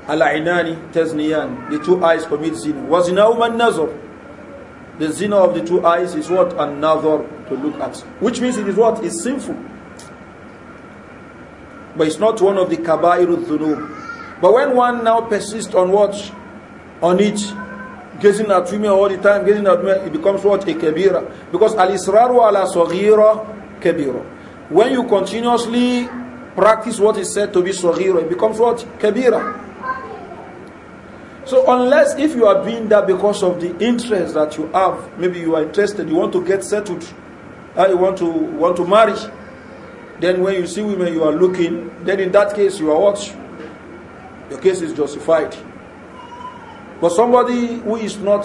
Ala'inani Tesniyan, the two eyes commit sin. Was in Nazar. The zina of the two eyes is what? Another to look at. Which means it is what? is sinful. But it's not one of the kabairu dhunub. But when one now persists on what? On it, gazing at women all the time, gazing at women, it becomes what? A kabira. Because al-israru ala saghira kabira. When you continuously practice what is said to be saghira, it becomes what? Kabira. So unless if you are doing that because of the interest that you have, maybe you are interested, you want to get settled, uh, you want to want to marry, then when you see women you are looking, then in that case you are what? Your case is justified. But somebody who is not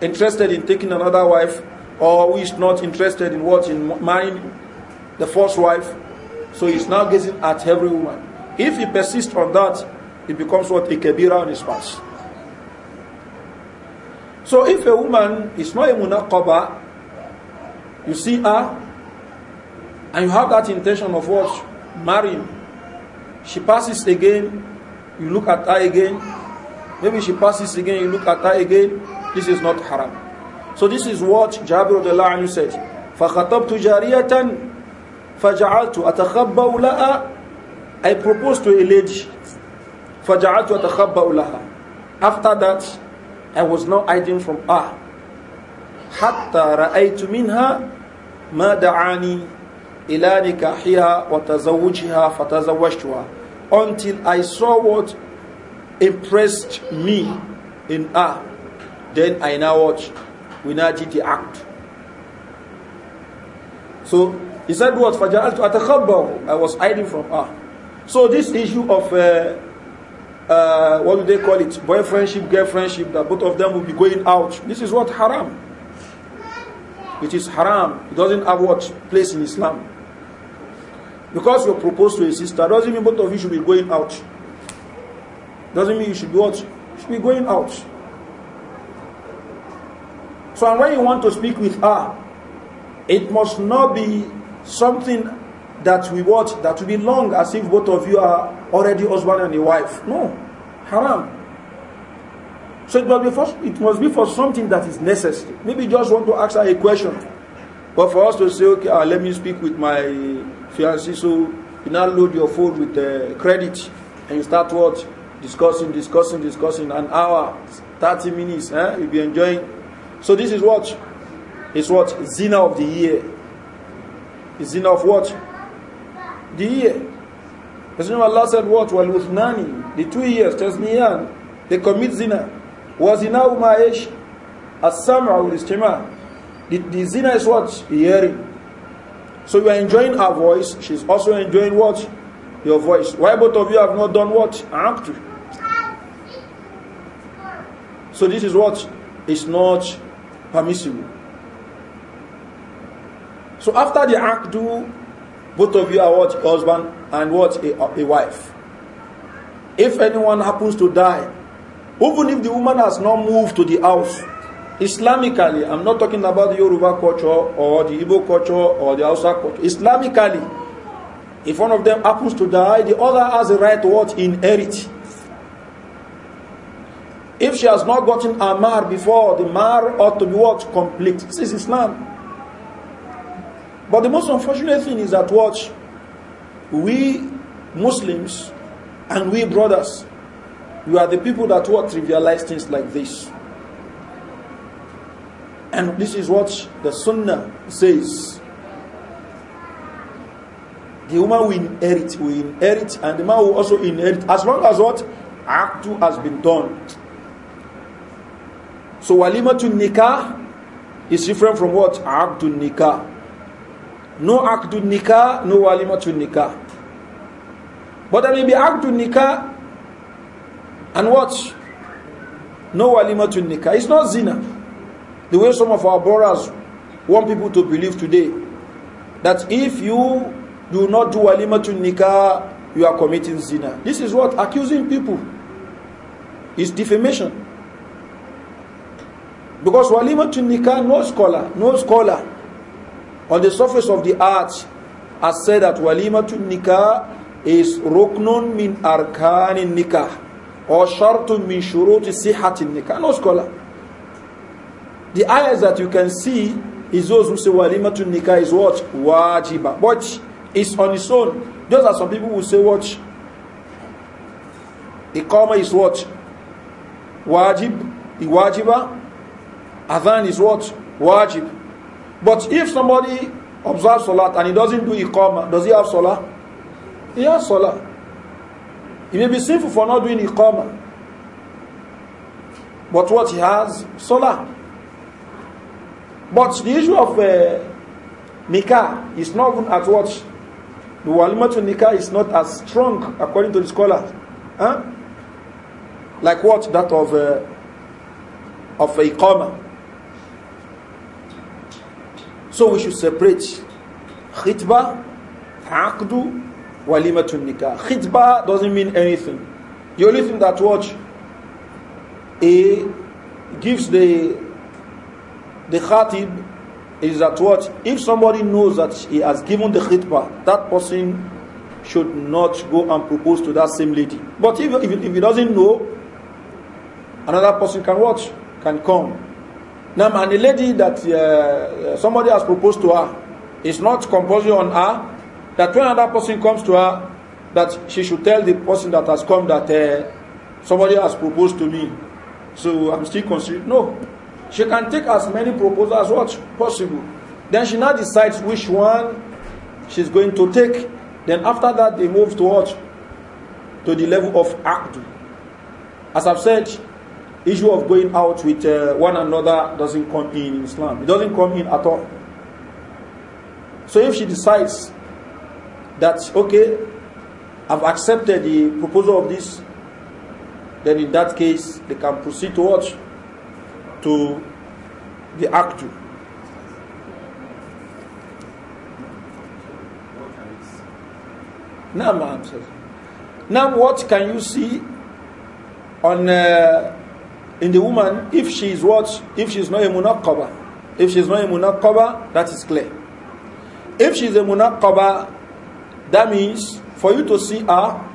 interested in taking another wife, or who is not interested in what in marrying the first wife, so he's now gazing at every woman. If he persists on that, it becomes what a kebira on his past. So if a woman is not a munaqaba, you see her, and you have that intention of what? Marrying. She passes again, you look at her again. Maybe she passes again, you look at her again. This is not haram. So this is what Jabir Lion said. فَخَطَبْتُ جَارِيَةً فَجَعَلْتُ أَتَخَبَّوْ لَهَا I proposed to a lady. فَجَعَلْتُ أَتَخَبَّوْ لَهَا After that, I was not hiding from her. حتى رأيت منها ما دعاني إلى نكاحها وتزوجها فتزوجتها until I saw what impressed me in her then I now watch we now did the act so he said what فجعلت أتخبر I was hiding from her so this issue of uh, uh, what do they call it? Boyfriendship, girlfriendship, that both of them will be going out. This is what haram. It is haram. It doesn't have what place in Islam. Because you are proposed to a sister, doesn't mean both of you should be going out. Doesn't mean you should be what? You should be going out. So and when you want to speak with her, it must not be something that we watch that will be long as if both of you are already husband and a wife. No, haram. So it must be for, it must be for something that is necessary. Maybe just want to ask her a question. But for us to say, okay, uh, let me speak with my fiancé, so you now load your phone with uh, credit and you start what? Discussing, discussing, discussing, an hour, thirty minutes, eh? You be enjoying. So this is what? is what? Zina of the year. It's Zina of what? the year. Messenger of Allah said, What? with Waluthnani, the two years, Tasniyan, they commit zina. Wazina umayesh, as-sam'a ul-istima. The, the zina is what? Hearing. So you are enjoying her voice, she's also enjoying what? Your voice. Why both of you have not done what? Act. So this is what is not permissible. So after the act, do Both of you are what? A husband and what? A, a wife. If anyone happens to die, even if the woman has not moved to the house, Islamically, I'm not talking about the Yoruba culture or the Igbo culture or the Hausa culture. Islamically, if one of them happens to die, the other has the right to what? Inherit. If she has not gotten a mar before, the mar ought to be what? Complete. This is Islam. But the most unfortunate thing is that what we Muslims and we brothers, we are the people that what trivialize things like this. And this is what the Sunnah says. The woman will inherit, will inherit, and the man will also inherit as long as what act two has been done. So walima to nikah is different from what act nikah. No akdu nikah, no walimatu nikah. But there may be akdu nikah and what? No walimatu nikah. It's not zina. The way some of our brothers want people to believe today that if you do not do walimatu nikah, you are committing zina. This is what accusing people is defamation. Because walimatu nikah, no scholar, no scholar on the surface of the earth has said that walimatun nikah is ruknun min arkanin nikah or shartun min shuruti sihatin nikah. No scholar. The ayahs that you can see is those who say walimatun nikah is what? Wajiba. But it's on its own. Those are some people who say what? Iqama is what? Wajib. Iwajiba. Adhan is what? Wajib. But if somebody observes Salat and he doesn't do Iqamah, does he have salat? He has salat. He may be sinful for not doing Iqamah. But what he has? salat. But the issue of uh, Nikah is not even at what? The Walimatu Nikah is not as strong according to the scholars, Huh? Like what? That of, uh, of Iqamah. So we should separate khitba, aqdu, walimatun nikah. Khitba doesn't mean anything. The only thing that watch a gives the the khatib is that what if somebody knows that he has given the khitba, that person should not go and propose to that same lady. But if, if, if he doesn't know, another person can watch, can come. Now, and a lady that uh, uh, somebody has proposed to her, is not composing on her that when another person comes to her, that she should tell the person that has come that uh, somebody has proposed to me. So I'm still considering. No. She can take as many proposals as what possible. Then she now decides which one she's going to take. Then after that, they move towards To the level of act. As I've said, issue of going out with uh, one another doesn't come in Islam. It doesn't come in at all. So if she decides that, okay, I've accepted the proposal of this, then in that case, they can proceed towards To the act. Now, now, what can you see on uh, in the woman if she is what if she is not a munakaba, if she is not a munakaba, that is clear if she is a munakaba, that means for you to see her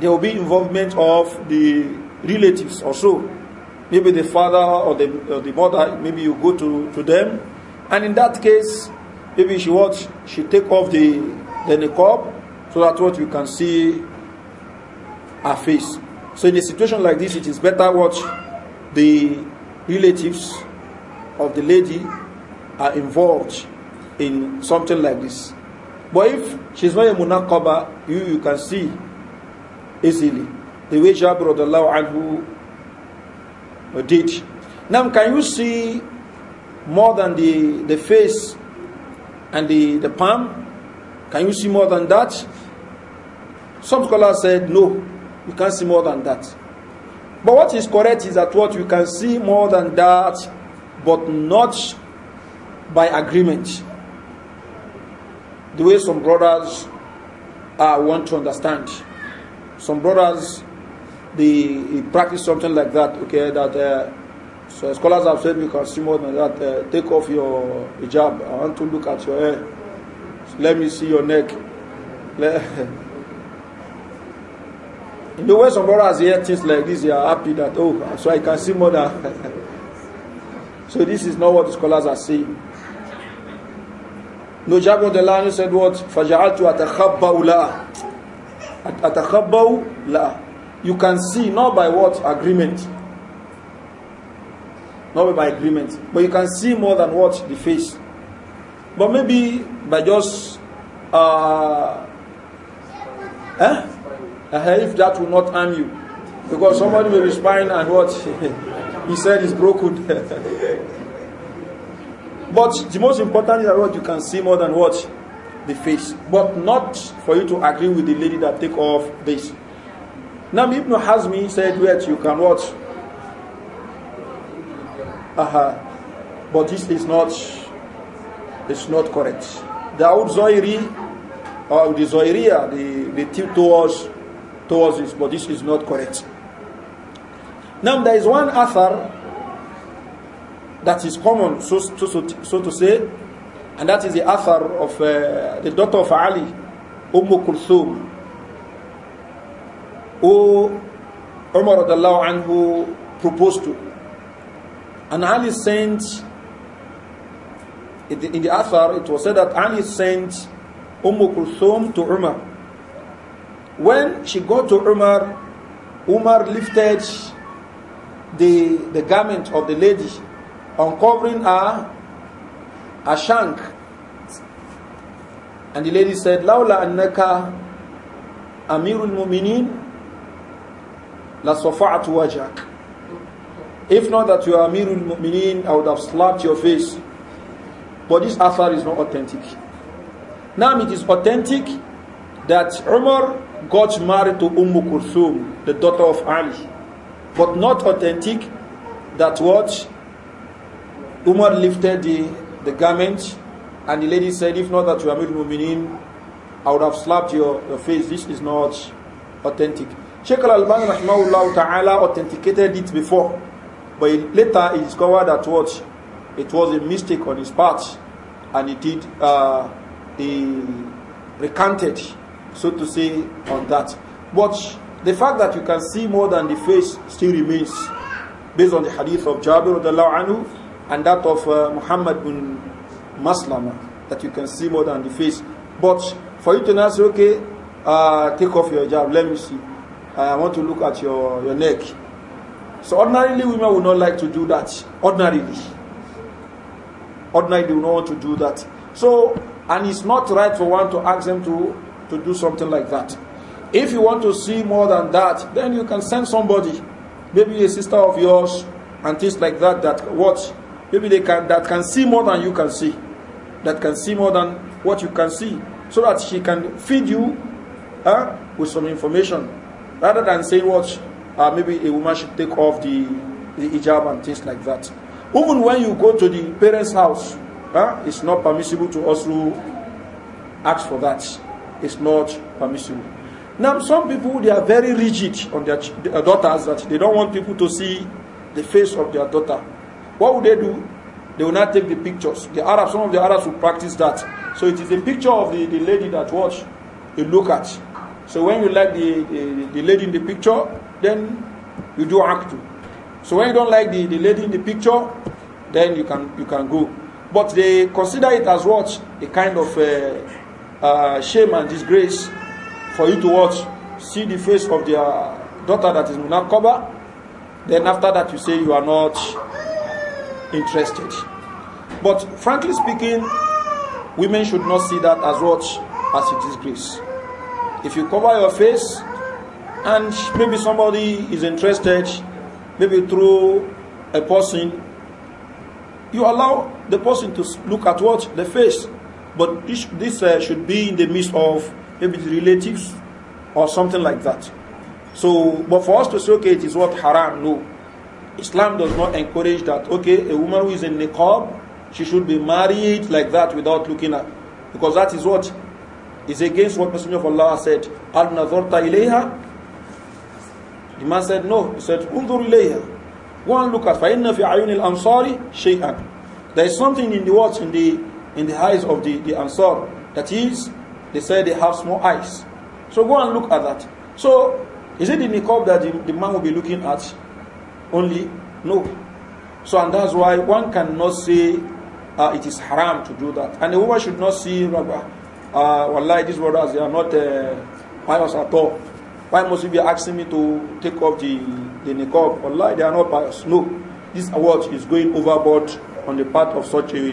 there will be involvement of the relatives or so maybe the father or the, or the mother maybe you go to, to them and in that case maybe she what she take off the the niqab so that what you can see her face so in a situation like this it is better what the relatives of the lady are involved in something like this. But if she's not a munaqaba, you, you can see easily the way Jabir anhu did. Now, can you see more than the, the face and the, the palm? Can you see more than that? Some scholars said no, you can't see more than that. But what is correct is that what you can see more than that, but not by agreement. The way some brothers uh, want to understand. Some brothers, they, they practice something like that, okay, that uh, so scholars have said you can see more than that. Uh, take off your hijab. I want to look at your hair. So let me see your neck. (laughs) In the way some brothers hear things like this, they are happy that, oh, so I can see more than. (laughs) so this is not what the scholars are saying. Nujab ibn Delano said what? فَجَعَلْتُ أَتَخَبَّأُ لَا You can see, not by what? Agreement. Not by agreement. But you can see more than what? The face. But maybe by just... Uh, eh? Uh, if that will not harm you. Because somebody may be spying and what (laughs) he said is broken. (laughs) but the most important is that what you can see more than what the face. But not for you to agree with the lady that take off this. Now Ibn Hazmi said that you can watch. Uh-huh. But this is not it's not correct. old Zoiri or the Zoiria, the, the tip towards towards this, but this is not correct. Now, there is one author that is common, so, so, so, so to say, and that is the author of uh, the daughter of Ali, Umm Kulthum, who Umar anhu proposed to. And Ali sent, in the, in the author, it was said that Ali sent Umm Kulthum to Umar When she got to Umar, Umar lifted the, the garment of the lady, uncovering her, a shank. And the lady said, Laula annaka amirul muminin la safa'at wajhak. If not that you are Amirul muminin, I would have slapped your face. But this affair is not authentic. Now it is authentic that Umar got married to Umm Kursum, the daughter of Ali, but not authentic that what Umar lifted the, the garment and the lady said, If not that you are Amir Muminin, I would have slapped your, your face. This is not authentic. Sheikh Al Albani Ta'ala authenticated it before, but later he discovered that what it was a mistake on his part and he did, uh, he recanted so to say, on that. But the fact that you can see more than the face still remains based on the hadith of Jabir anhu and that of uh, Muhammad bin Maslama, that you can see more than the face. But for you to now say, okay, uh, take off your hijab, let me see. Uh, I want to look at your, your neck. So ordinarily, women would not like to do that. Ordinarily. Ordinarily, they would not want to do that. So, and it's not right for one to ask them to to do something like that. If you want to see more than that, then you can send somebody, maybe a sister of yours, and things like that. That what? Maybe they can that can see more than you can see, that can see more than what you can see, so that she can feed you uh, with some information, rather than saying what uh, maybe a woman should take off the the hijab and things like that. Even when you go to the parents' house, uh, it's not permissible to also ask for that is not permissible. Now, some people, they are very rigid on their, their daughters that they don't want people to see the face of their daughter. What would they do? They will not take the pictures. The Arabs, some of the Arabs will practice that. So it is a picture of the, the lady that watch you look at. So when you like the, the, the lady in the picture, then you do act. So when you don't like the, the lady in the picture, then you can you can go. But they consider it as what a kind of uh, uh, shame and disgrace for you to watch, see the face of their daughter that is Munakoba. Then after that, you say you are not interested. But frankly speaking, women should not see that as much as a disgrace. If you cover your face, and maybe somebody is interested, maybe through a person, you allow the person to look at what the face but this, this uh, should be in the midst of maybe the relatives or something like that. So, but for us to say, okay, it is what haram, no. Islam does not encourage that, okay, a woman who is in niqab, she should be married like that without looking at, because that is what is against what Messenger of Allah said. Al nazarta ilayha. The man said, no. He said, undur ilayha. Go and look at, فَإِنَّ فِي عَيُنِ ansari شَيْئًا. There is something in the words in the in the eyes of the, the Ansar. That is, they say they have small eyes. So go and look at that. So, is it the niqab that the, the man will be looking at only? No. So, and that's why one cannot say uh, it is haram to do that. And the woman should not see, uh, wallahi, these brothers, they are not uh, pious at all. Why must you be asking me to take off the, the niqab? Wallahi, they are not pious. No. This award is going overboard on the part of such a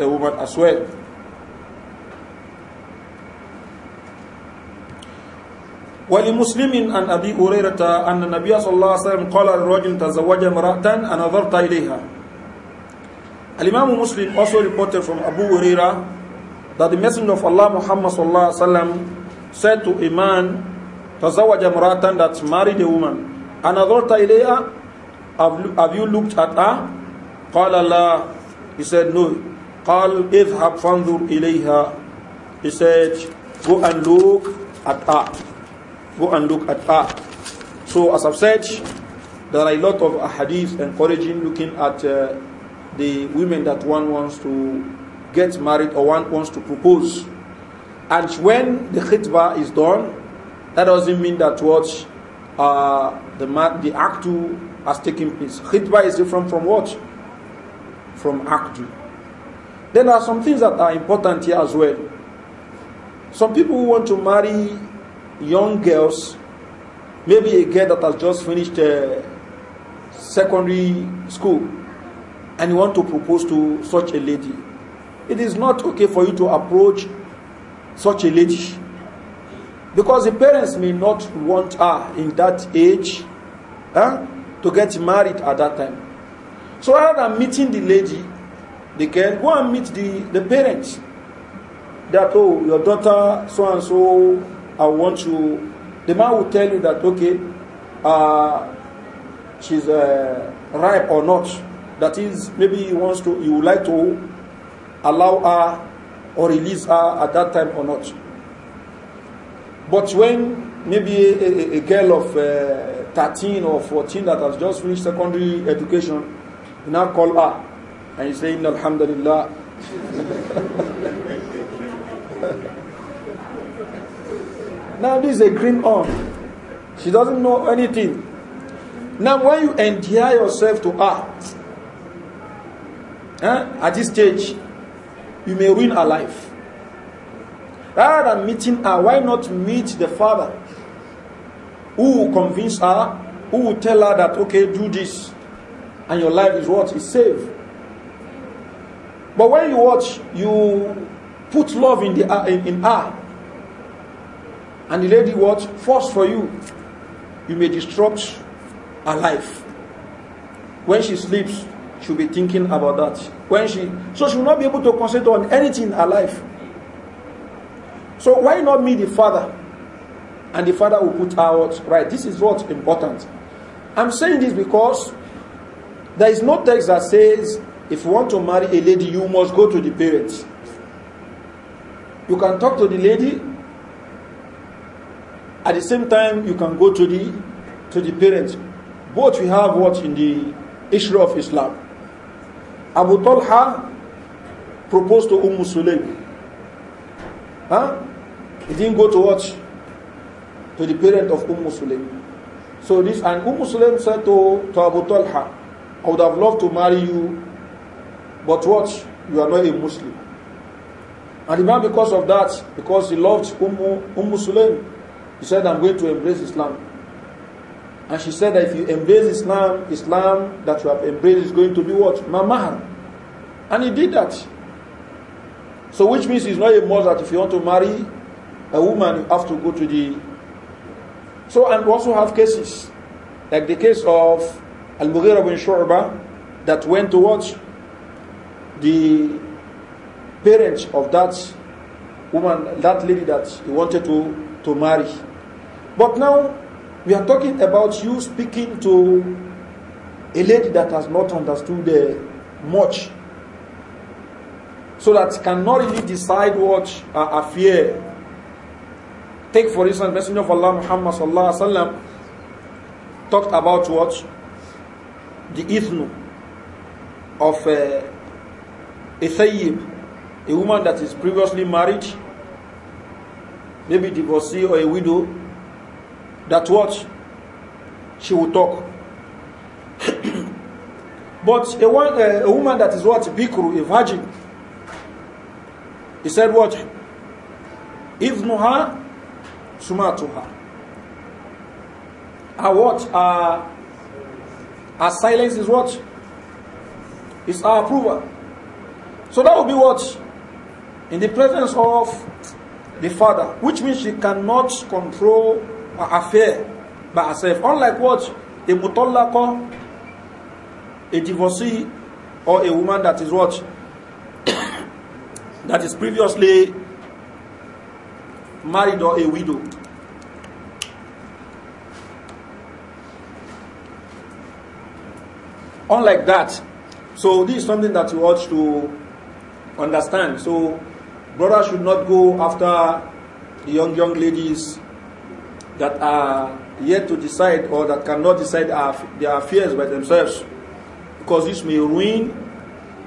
A woman as well. ولمسلم عن أبي هريرة أن النبي صلى الله عليه وسلم قال للرجل تزوج امرأة أنظرت إليها الإمام مسلم also reported from Abu Huraira that the messenger of Allah Muhammad صلى الله عليه وسلم said to a man تزوج امرأة that married a woman أنظرت إليها have, have you looked at her قال لا he said no قال اذهب فانظر إليها He said, go and look at her. Go and look at her. So as I've said, there are a lot of hadiths encouraging looking at uh, the women that one wants to get married or one wants to propose. And when the khitbah is done, that doesn't mean that what uh, the the actu has taken place. Khitbah is different from what? From actu. Then there are some things that are important here as well. Some people who want to marry young girls, maybe a girl that has just finished uh, secondary school, and you want to propose to such a lady. It is not okay for you to approach such a lady because the parents may not want her in that age huh, to get married at that time. So rather than meeting the lady, They can go and meet the, the parents. That, oh, your daughter, so and so, I want you. The man will tell you that, okay, uh, she's uh, ripe or not. That is, maybe he wants to, you would like to allow her or release her at that time or not. But when maybe a, a, a girl of uh, 13 or 14 that has just finished secondary education, you now call her and you say, Alhamdulillah. (laughs) now, this is a green on. She doesn't know anything. Now, when you endear yourself to her, eh, at this stage, you may ruin her life. Rather than meeting her, why not meet the father who will convince her, who will tell her that, okay, do this, and your life is what is saved. But when you watch, you put love in, the, uh, in, in her, and the lady watch force for you, you may disrupt her life. When she sleeps, she'll be thinking about that. When she so she will not be able to concentrate on anything in her life. So why not meet the father? And the father will put out right. This is what's important. I'm saying this because there is no text that says If you want to marry a lady, you must go to the parents. You can talk to the lady. At the same time, you can go to the to the parents. Both we have what in the issue of Islam. Abu Talha proposed to Umm Sulaim. Huh? He didn't go to watch to the parent of Umm Sulaim. So this and Umm Sulaym said to, to Abu Talha, I would have loved to marry you but what? You are not a Muslim. And the man, because of that, because he loved Ummu, Ummu Sulaim, he said, I'm going to embrace Islam. And she said that if you embrace Islam, Islam that you have embraced is going to be what? mamahan. And he did that. So which means he's not a must that if you want to marry a woman, you have to go to the... So and also have cases, like the case of Al-Mughira bin Shu'ba that went to watch the parents of that woman, that lady that he wanted to, to marry. But now we are talking about you speaking to a lady that has not understood uh, much. So that cannot really decide what uh, affair. Take for instance, Messenger of Allah Muhammad sallallahu alaihi wasallam talked about what the ithnu of uh, a thayyib, a woman that is previously married, maybe divorcee or a widow, that what? She will talk. (coughs) but a, one, uh, a woman that is what? Bikru, a virgin. He said what? Ibnuha sumatuha. Her what? Her, her silence is what? Is our approval. So that will be what? In the presence of the father, which means she cannot control her affair by herself. Unlike what? A mutallaqah, a divorcee, or a woman that is what? (coughs) that is previously married or a widow. Unlike that, so this is something that you ought to Understand? So, brother should not go after the young, young ladies that are yet to decide or that cannot decide their affairs by themselves because this may ruin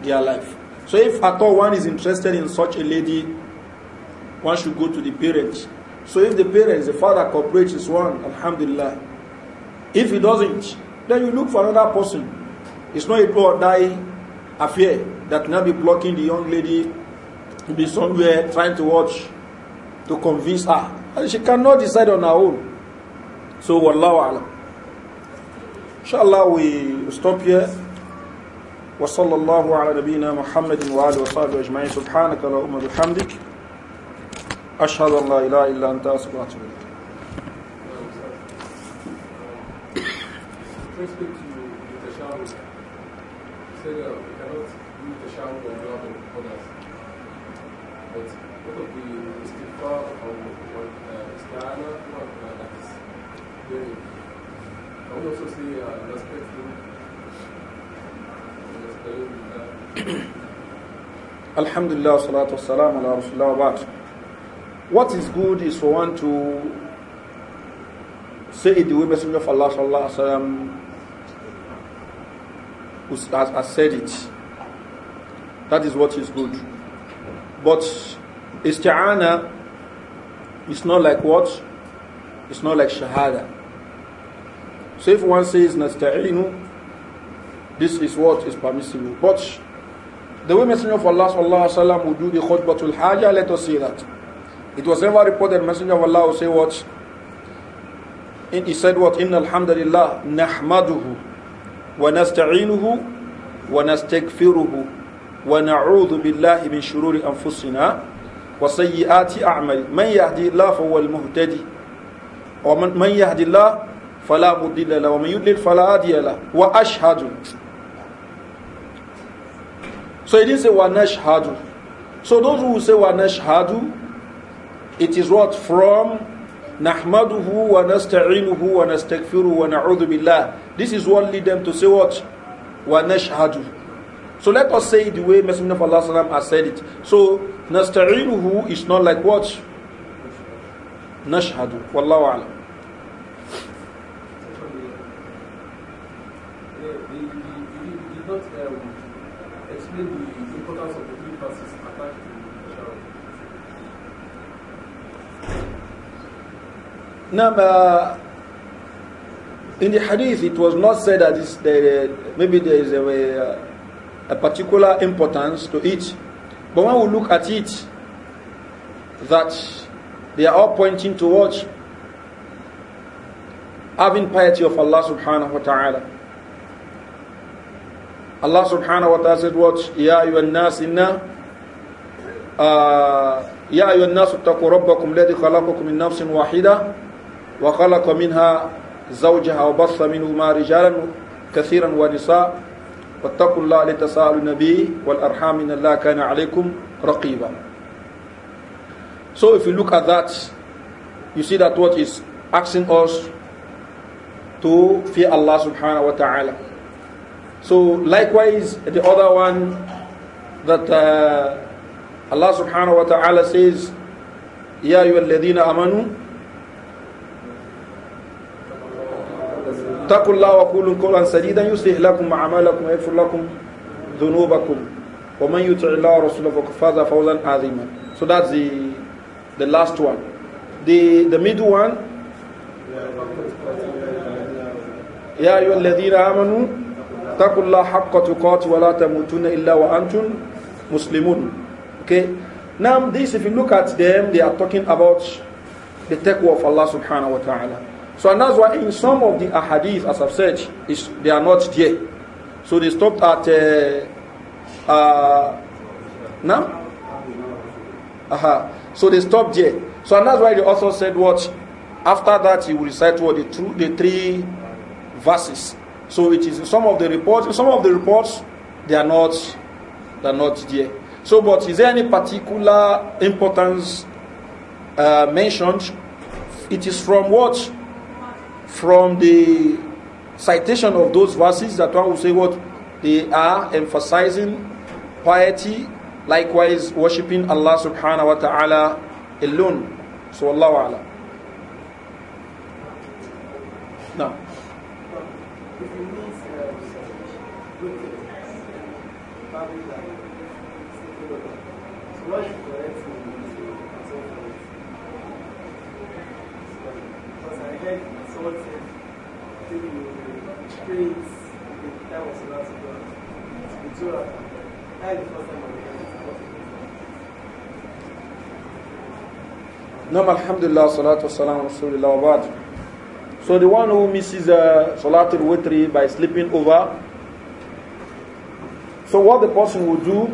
their life. So, if at all one is interested in such a lady, one should go to the parents. So, if the parents, the father cooperates, is one, alhamdulillah. If he doesn't, then you look for another person. It's not a poor die affair that now be blocking the young lady to be somewhere trying to watch to convince her. And she cannot decide on her own. So, wallahu alam. Inshallah, we stop here. وصلى الله على نبينا محمد وآله وصحبه أجمعين سبحانك اللهم وبحمدك أشهد أن لا إله إلا أنت أستغفرك وأتوب could also say uh, respectful. Alhamdulillah, salatu wassalam ala rasulullah What is good is for one to say it the way Messenger of Allah sallallahu alaihi wasallam has said it. That is what is good. But isti'ana is not like what? It's not like shahada. So if one says nasta'inu, this is what is permissible. But the way Messenger of Allah sallallahu alaihi wasallam would do the khutbatul hajj, let us see that. It was never reported Messenger of Allah would say what? And he said what? Inna alhamdulillah nahmaduhu wa nasta'inuhu wa nastaghfiruhu ونعوذ بالله من شرور أنفسنا وسيئات أعمال من يهدي الله فهو المهتدي ومن يهدي الله فلا مضل له ومن يضلل فلا هادي له واشهد so he didn't say wanashhadu so those who say wanashhadu it is what from nahmaduhu wa nasta'inuhu wa nastaghfiruhu wa na'udhu billah this is what lead them to say what wanashhadu so let us say the way messenger of allah sallam has said it so nasta'inuhu is not like what nashhadu wallahu a'lam explain the importance of the three passes attached to the Now, uh, in the hadith, it was not said that this, the, maybe there is a, a particular importance to it. But when we look at it, that they are all pointing towards having piety of Allah subhanahu wa ta'ala. Allah subhanahu wa ta'ala said what? Ya ayyuhan nas inna يا أيها الناس اتقوا ربكم الذي خلقكم من نفس واحدة وخلق منها زوجها وبث منهما رجالا كثيرا ونساء واتقوا الله لتساءلون به والأرحام إن الله كان عليكم رقيبا So if you look at that, you see that what is asking us to fear Allah subhanahu wa ta'ala. So likewise, the other one that uh, Allah subhanahu wa ta'ala says, Ya ayyuhalladhina amanu اتقوا الله وقولوا قولا سديدا يصلح لكم اعمالكم ويغفر لكم ذنوبكم ومن يطع الله ورسوله فقد فاز فوزا عظيما so that's the the last one the the middle one يا ايها الذين امنوا takulla haqqatuqat wa la tamutunna illa wa antum muslimun okay now this if you look at them they are talking about the taqwa of Allah subhanahu wa ta'ala so and that's why in some of the ahadith as I've said is they are not there so they stopped at uh, uh now aha so they stopped there so and that's why they also said what after that you will recite what the, two, the three verses So it is some of the reports, some of the reports, they are not, they are not there. So, but is there any particular importance uh, mentioned? It is from what? From the citation of those verses that one will say what they are emphasizing piety, likewise worshipping Allah subhanahu wa ta'ala alone. So, Allah wa rush so the alhamdulillah, salatu salam, rasulillah So the one who misses uh, Salatul Witri by sleeping over, so what the person will do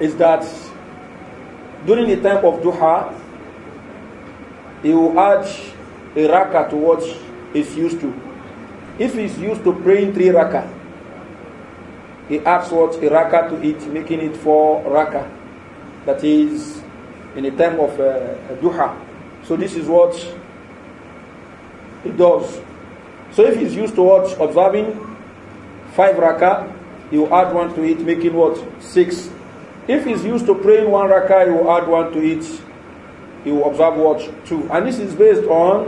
is that during the time of duha, he will add a raka to he's used to. If he's used to praying three rakah, he adds what a raka to it, making it four raka. That is in the time of uh, duha. So this is what he does. So if he's used to what observing five rakah, he will add one to it, making what six if he's used to praying one rakah, he will add one to it. He will observe Two. And this is based on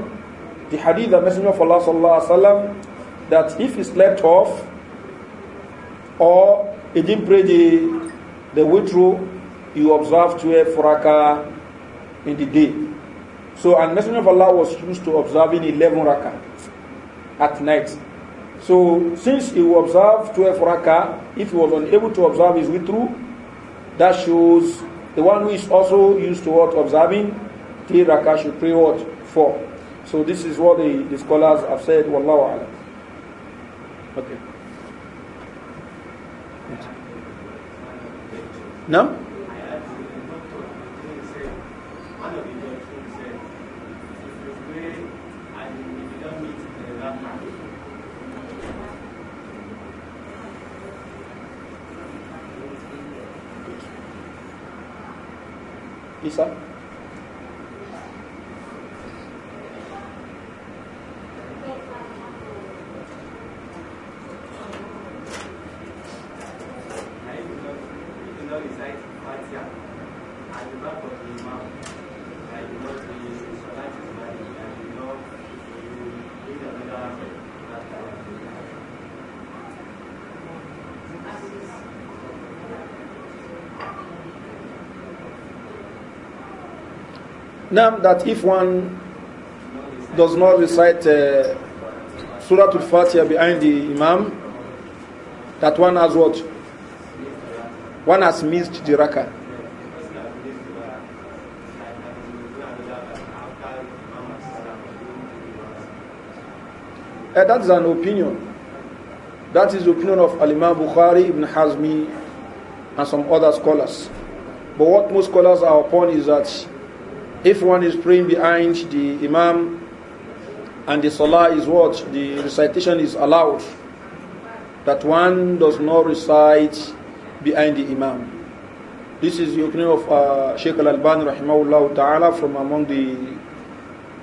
the hadith, the Messenger of Allah sallallahu alaihi wasallam, that if he slept off or he didn't pray the, the witru, will observe 12 rakah in the day. So, and Messenger of Allah was used to observing 11 rakah at night. So, since he will observe 12 rakah, if he was unable to observe his witru, That shows the one who is also used to what observing three rakah should pray what four. So this is what the, the scholars have said. Wallahu alam. Okay. No. sabe? Now that if one does not recite uh, Surah Al-Fatiha behind the Imam, that one has what? One has missed the rakah. Uh, eh, that's an opinion. That is the opinion of Al-Imam Bukhari, Ibn Hazmi, and some other scholars. But what most scholars are upon is that if one is praying behind the imam and the salah is what the recitation is allowed that one does not recite behind the imam this is the opinion of uh, Sheikh Al-Albani rahimahullah ta'ala from among the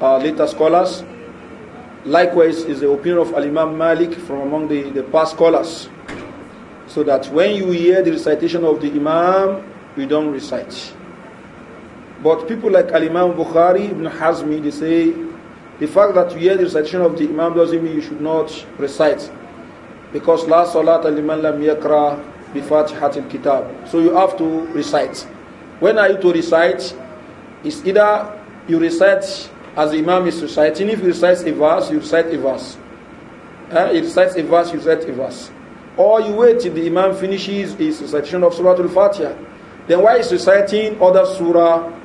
uh, later scholars likewise is the opinion of Al-Imam Malik from among the, the past scholars so that when you hear the recitation of the imam you don't recite but people like Al Imam Bukhari, Ibn Hazmi, they say the fact that you hear the recitation of the Imam doesn't mean you should not recite. Because La Salat al Iman lam yakra bi Fatihatil Kitab. So you have to recite. When are you to recite? It's either you recite as the Imam is reciting. If you recite a verse, you recite a verse. Uh, he recites a verse, you recite a verse. Or you wait till the Imam finishes his recitation of Surah Al Fatiha. Then while he's reciting other surah,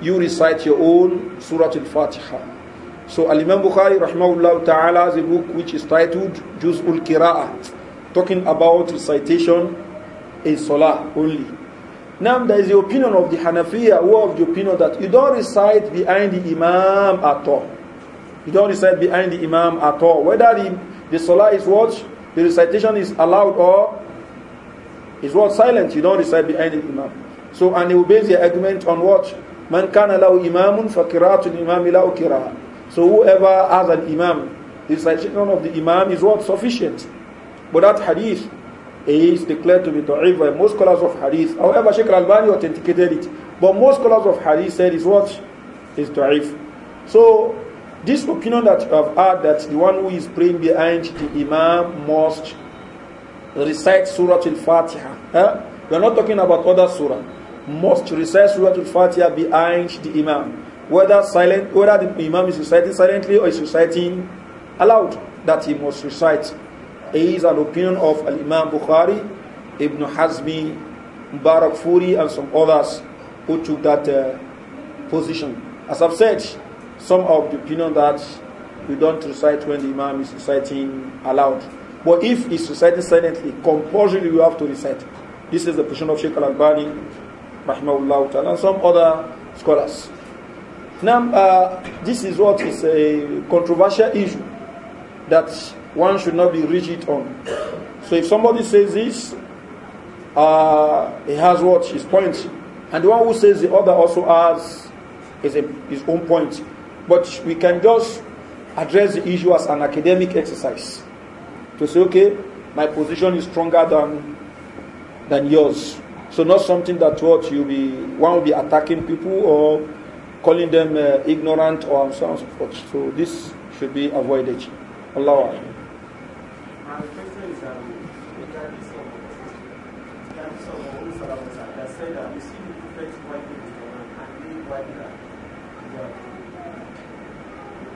you recite your own Surah Al-Fatiha. So Al-Imam Bukhari rahmahullah ta'ala has a book which is titled "Juz Juz'ul Qira'ah, talking about recitation in Salah only. Now there is the opinion of the Hanafiya who have the opinion that you don't recite behind the Imam at all. You don't recite behind the Imam at all. Whether the, the Salah is watched, The recitation is allowed or is what silent. You don't recite behind the Imam. So and they will base their argument on what? Man kana lahu imamun fakiratul imam lahu kira. So whoever has an imam, the citation of the imam is what? Sufficient. But that hadith is declared to be da'if by most scholars of hadith. However, Sheikh Al-Albani authenticated it. But most scholars of hadith said is what? Is da'if. So this opinion that you have heard that the one who is praying behind the imam must recite Surah Al-Fatiha. Eh? We are not talking about other surah. must recite Surah Al-Fatiha behind the Imam. Whether silent, whether the Imam is reciting silently or is reciting aloud, that he must recite. It is an opinion of Al-Imam Bukhari, Ibn Hazmi, Mubarak Furi, and some others who took that uh, position. As I've said, some of the opinion that we don't recite when the Imam is reciting aloud. But if he's reciting silently, compulsory we have to recite. This is the position of Sheikh Al-Albani rahimahullah ta'ala, and some other scholars. Now, uh, this is what is a controversial issue that one should not be rigid on. So if somebody says this, uh, he has what his point, and the one who says the other also has his, his own point. But we can just address the issue as an academic exercise to say, okay, my position is stronger than than yours. So not something that what you be one will be attacking people or calling them uh, ignorant or so on and so forth. So this should be avoided. Allah. Um,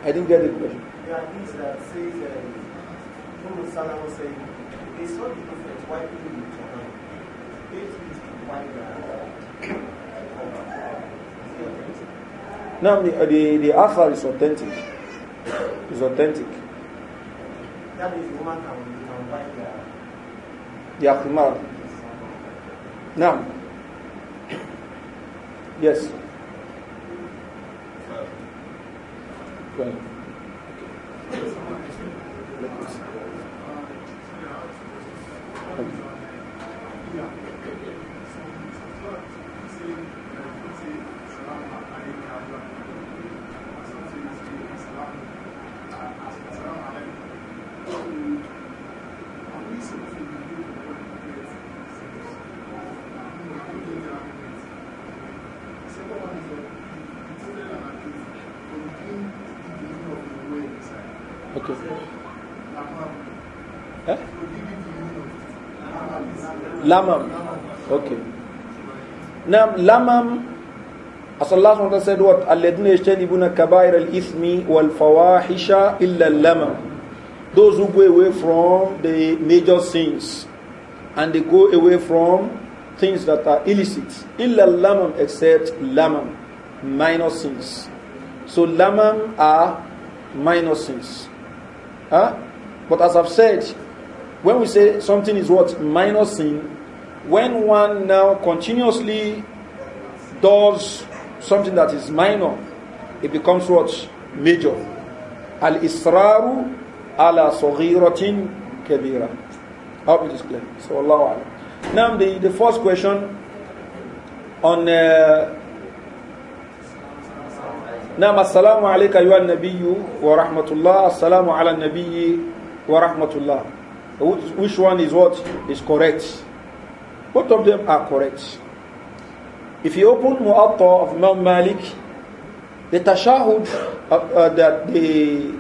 I didn't get the question. There are that um, umm they saw the prophet wiping now the, uh, the, the author is authentic. It's authentic. That means the woman can, can buy their their khimar. Now. Yes. Well. Okay. Lamam. Okay. Nam Lamam, as Allah SWT said, what? Alladhina yajtanibuna kabair al-ithmi wal-fawahisha illa lamam. Those who go away from the major sins and they go away from things that are illicit. Illa lamam except lamam, minor sins. So lamam are minor sins. Huh? But as I've said, when we say something is what? Minor sin, when one now continuously does something that is minor, it becomes what? Major. Al israru ala saghiratin kabira. I hope it is clear. So, Allah Now, the, the first question on. Uh, نعم السلام عليك أيها النبي ورحمة الله السلام which one is what is correct both of them are correct. If you open Mu'atta of Imam Malik, the tashahud uh, uh, that the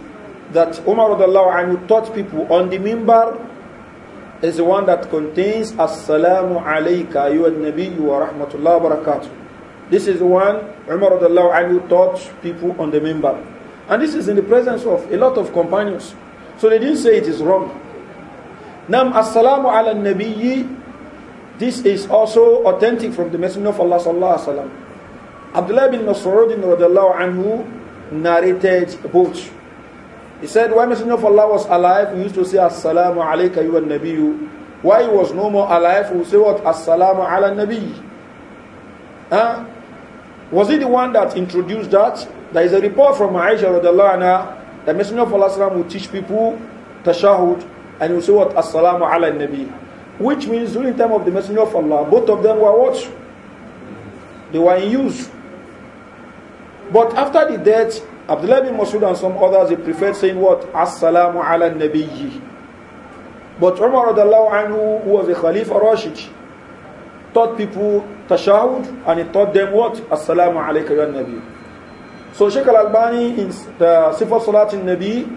that Umar anhu taught people on the mimbar is the one that contains Assalamu alayka ayyuhan wa Rahmatullah wa barakatuh. This is the one Umar anhu taught people on the mimbar. And this is in the presence of a lot of companions. So they didn't say it is wrong. Nam assalamu ala nabiyyi this is also authentic from the Messenger of Allah sallallahu alaihi wasallam. Abdullah bin Mas'ud anhu narrated both. He said, when Messenger of Allah was alive, we used to say, Assalamu alayka you and Nabiyu. Why he was no more alive, we would say what? Assalamu ala Nabi. Huh? Was he the one that introduced that? There is a report from Aisha radiallahu anha, the Messenger of Allah would teach people tashahud, and he would say what? Assalamu ala Nabi. Which means during time of the Messenger of Allah, both of them were what? They were in use. But after the death, Abdullah bin Masud and some others, they preferred saying what? Assalamu ala nabiyyi. But Umar anhu, who was a Khalifa Rashid, taught people tashahud and he taught them what? Assalamu alayka ya nabi. So Sheikh al-Albani in the Sifat Salat in Nabi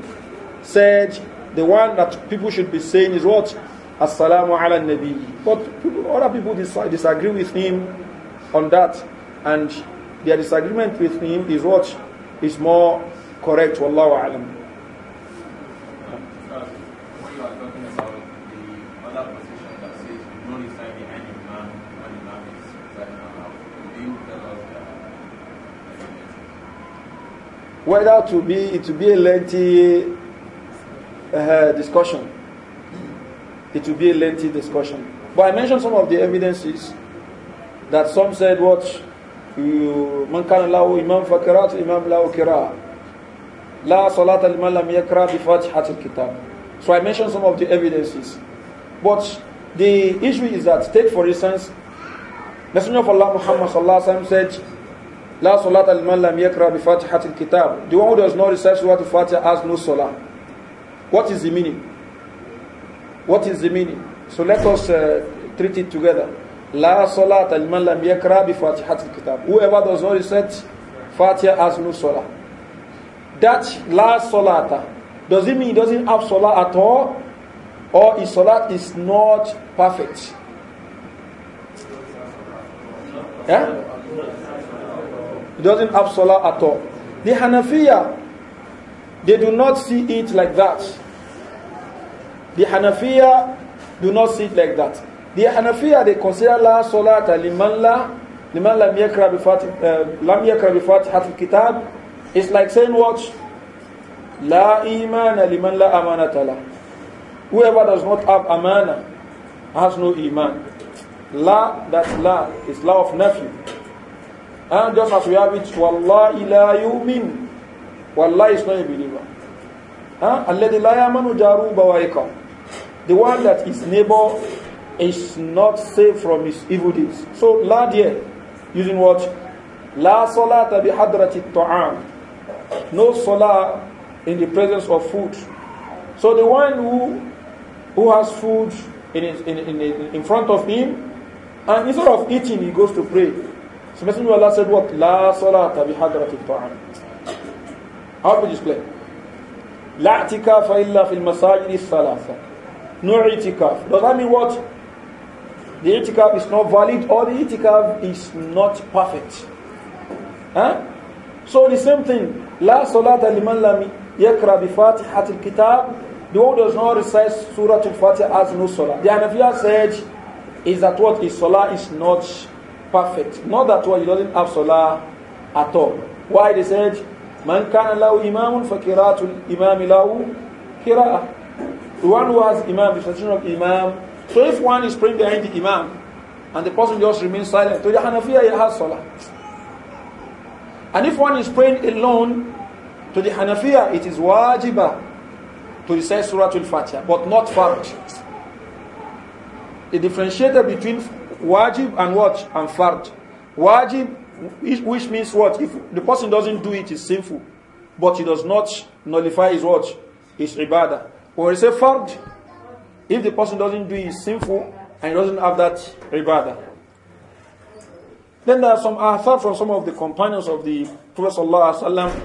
said the one that people should be saying is what? Assalamu ala Nabi. But people, other people disagree with him on that. And their disagreement with him is what is more correct. Wallahu alam. Whether to be it to be a lengthy uh, discussion, it will be a lengthy discussion. But I mentioned some of the evidences that some said what man من كان imam إمام فكرات إمام له كراء لا صلاة لمن لم يقرأ بفاتحة kitab." So I mentioned some of the evidences. But the issue is that, take for instance, Messenger of Allah Muhammad sallallahu alaihi wasallam said, "La لا صلاة لمن لم يقرأ بفاتحة kitab." The one who does not recite Surah Al-Fatiha has no salah. What is the meaning? What is the meaning? So let us uh, treat it together. La salat al-man lam yakra al-kitab. Whoever does not recite Fatiha has no salah. That la salata, does it mean he doesn't have salah at all? Or his salah is not perfect? Yeah? He doesn't have salah at all. The Hanafiya, they do not see it like that. The Hanafiya do not see it like that. The Hanafiya, they consider la salat liman la, liman lam yakra bi fatih, uh, kitab. It's like saying what? La imana liman la amanata la. Whoever does not have amana has no iman. La, that's la, It's la of nephew. And just as we have it, wallahi la yumin. Wallah is not a believer. Alladhi la yamanu jaru bawaikam the one that is neighbor is not saved from his evil deeds. So la dear, using what? La salata bi hadrati ta'am. No salah in the presence of food. So the one who who has food in, his, in, in, in front of him, and instead of eating, he goes to pray. So Messenger of Allah said what? La salata bi hadrati ta'am. How you display? لا اعتكاف إلا في المساجد الثلاثة no itikaf. Does that mean what? The itikaf is not valid or the itikaf is not perfect? Huh? So the same thing. La salata liman lam yakra bi fatihat al-kitab. The one does not recite Surah al-Fatiha has no salah. The Hanafiya said is that what is salah is not perfect. Not that what he doesn't have salah at all. Why they said, man kana lahu imamun fa qira'atul imam lahu kiraah. The one who has imam, the tradition of imam. So if one is praying behind the imam, and the person just remains silent, to the Hanafiya, he has salah. And if one is praying alone, to the Hanafiya, it is wajiba to recite Surah Al-Fatiha, but not Farj. They differentiator between wajib and what? And Farj. Wajib, which means what? If the person doesn't do it, it's sinful. But he does not nullify his what? His ibadah. When we say farj, if the person doesn't do it, it's sinful and he doesn't have that ibadah. Then there are some athar from some of the companions of the Prophet ﷺ,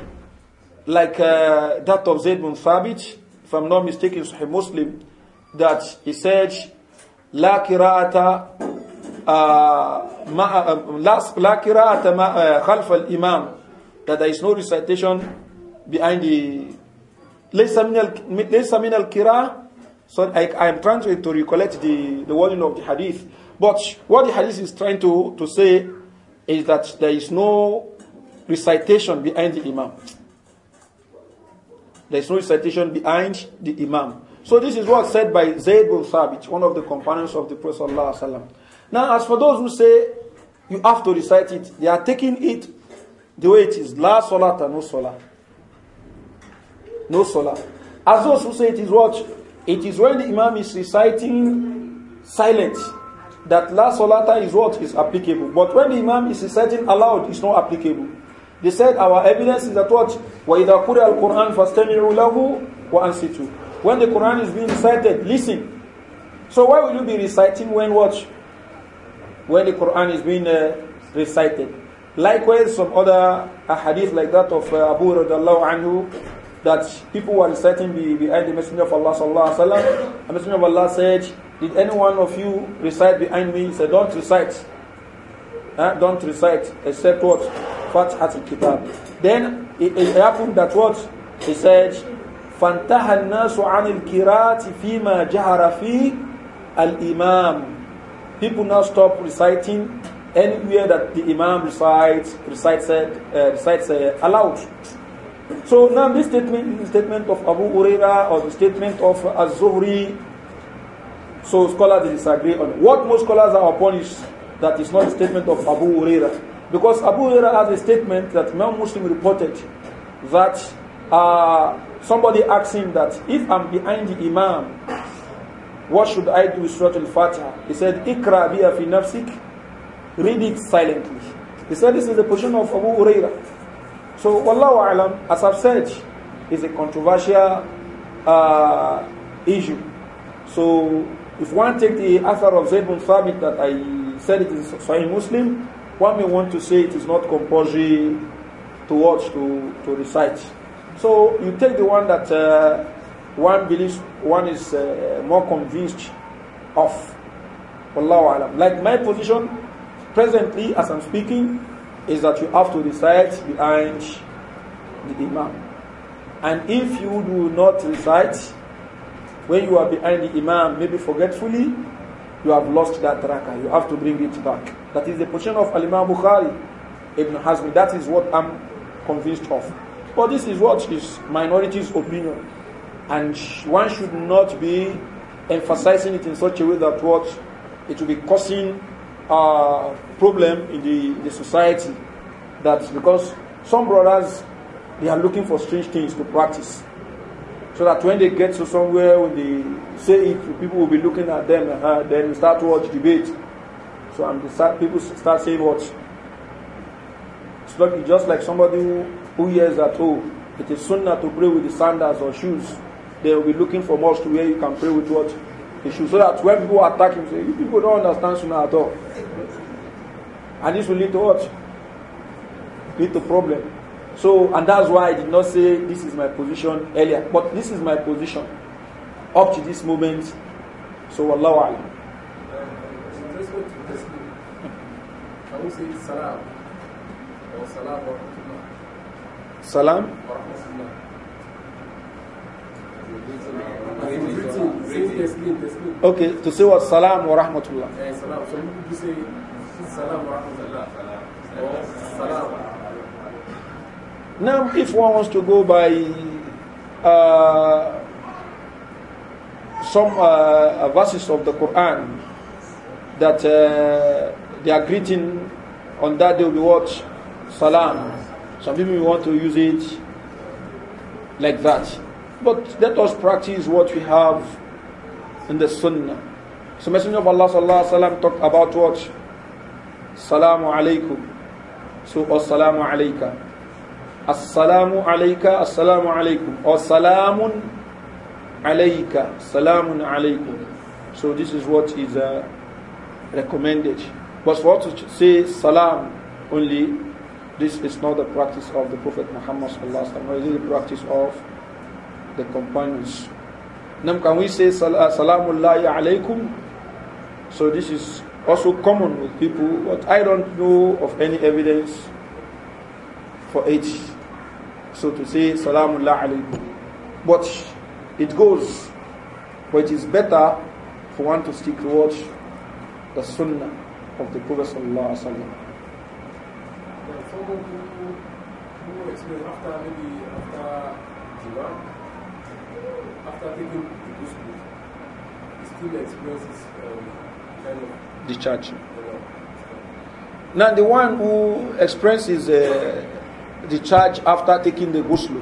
like uh, that of Zayd bin Thabit, if I'm not mistaken, Sahih Muslim, that he said, لا قراءة لا khalf al imam," that there is no recitation behind the ليس من so I, I am trying to, to recollect the, the wording of the hadith but what the hadith is trying to, to say is that there is no recitation behind the imam there is no recitation behind the imam so this is what said by Zayd bin Thabit one of the companions of the Prophet now as for those who say you have to recite it they are taking it the way it is la salat and no salah no salah. As those who say it is what? It is when the Imam is reciting silent that last solata is what is applicable. But when the Imam is reciting aloud, it's not applicable. They said our evidence is that what? وَإِذَا قُرِئَ الْقُرْآنُ فَاسْتَمِعُوا لَهُ وَأَنْصِتُوا When the Quran is being recited, listen. So why will you be reciting when what? When the Quran is being uh, recited. Likewise, some other hadith like that of uh, Abu radiallahu anhu that people were reciting behind the Messenger of Allah sallallahu alaihi wasallam. The Messenger of Allah said, "Did any one of you recite behind me?" He said, "Don't recite. Huh? Don't recite except what Fat al-Kitab." Then it, it, happened that what he said, al nasu عن القراءة فيما جهر فيه al-Imam." People now stop reciting anywhere that the Imam recites, recites, uh, recites uh, aloud. So now this statement, statement of Abu Uraira or the statement of Az-Zuhri, so scholars disagree on What most scholars are upon is that it's not a statement of Abu Uraira. Because Abu Uraira has a statement that many Muslim reported that uh, somebody asked him that if I'm behind the Imam, what should I do with Surah Al-Fatiha? He said, Ikra bi fi nafsik, read it silently. He said this is the position of Abu Uraira. So, Wallahu Alam, as I've said, is a controversial uh, issue. So, if one take the author of Zayd Thabit that I said it is Sahih Muslim, one may want to say it is not compulsory to watch, to, to recite. So, you take the one that uh, one believes one is uh, more convinced of. Wallahu Alam. Like my position, presently, as I'm speaking, is that you have to recite behind the Imam. And if you do not recite, when you are behind the Imam, maybe forgetfully, you have lost that rakah. You have to bring it back. That is the position of Al Imam Bukhari, Ibn Hazm. That is what I'm convinced of. But this is what is minority's opinion. And one should not be emphasizing it in such a way that what it will be causing uh, problem in the, the society. That's because some brothers, they are looking for strange things to practice. So that when they get to somewhere, when they say it, people will be looking at them, uh then we start to watch debate. So and start, people start saying what? It's like, just like somebody who, who hears that, oh, it is sunnah to pray with the sandals or shoes. They will be looking for to where you can pray with what? The shoes. So that when people attack him, say, you people don't understand sunnah at all. And this will lead to what? Lead to problem. So, and that's why I did not say this is my position earlier. But this is my position up to this moment. So, Allah Alam. Um, salam. Okay, to say what salam wa rahmatullah. Eh, Oh, now, if one wants to go by uh, some uh, uh, verses of the Quran that uh, they are greeting on that day will be what? Salam. Some people want to use it like that. But let us practice what we have in the Sunnah. So Messenger of Allah sallallahu alaihi wasallam talked about what Salamu alaykum. So, or alaikum. Assalamu alayka, Assalamu alaykum. Or Salamun alayka, alaykum. So, this is what is uh, recommended. But for to say Salam only, this is not the practice of the Prophet Muhammad, This is the practice of the companions. Now, can we say uh, Salamullahi alaykum? So, this is also common with people, but I don't know of any evidence for it. So to say, Salamullah alaykum. But it goes, but it is better for one to stick to watch the sunnah of the Prophet Sallallahu Alaihi Wasallam. who, who after maybe after Jihad, after taking the gospel, he still experiences um, kind of The him. Now, the one who experiences uh, the charge after taking the ghusl,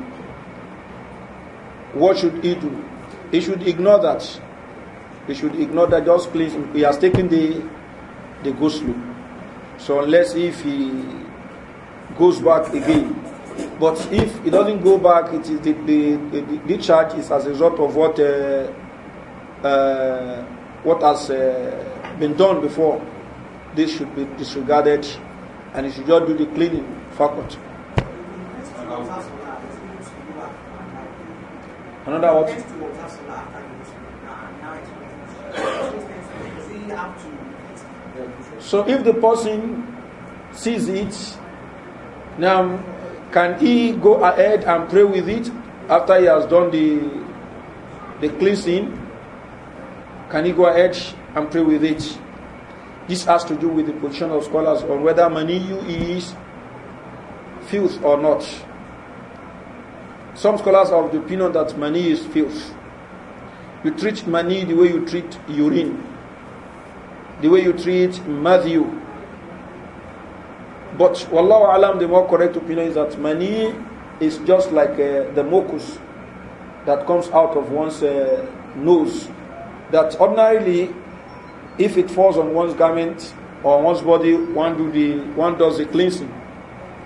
what should he do? He should ignore that. He should ignore that. Just please, He has taken the the ghusl. So unless if he goes back again, but if he doesn't go back, it is the the, the, the charge is as a result of what uh, uh, what has. Uh, been done before, this should be disregarded and you should just do the cleaning faculty. Another what? So if the person sees it, now can he go ahead and pray with it after he has done the the cleansing? Can he go ahead and pray with it. This has to do with the position of scholars on whether maniyu is filth or not. Some scholars are of the opinion that mani is filth. You treat mani the way you treat urine, the way you treat Matthew. But wallahu alam, the more correct opinion is that mani is just like uh, the mucus that comes out of one's uh, nose. That ordinarily if it falls on one's garment or one's body, one do the one does the cleansing.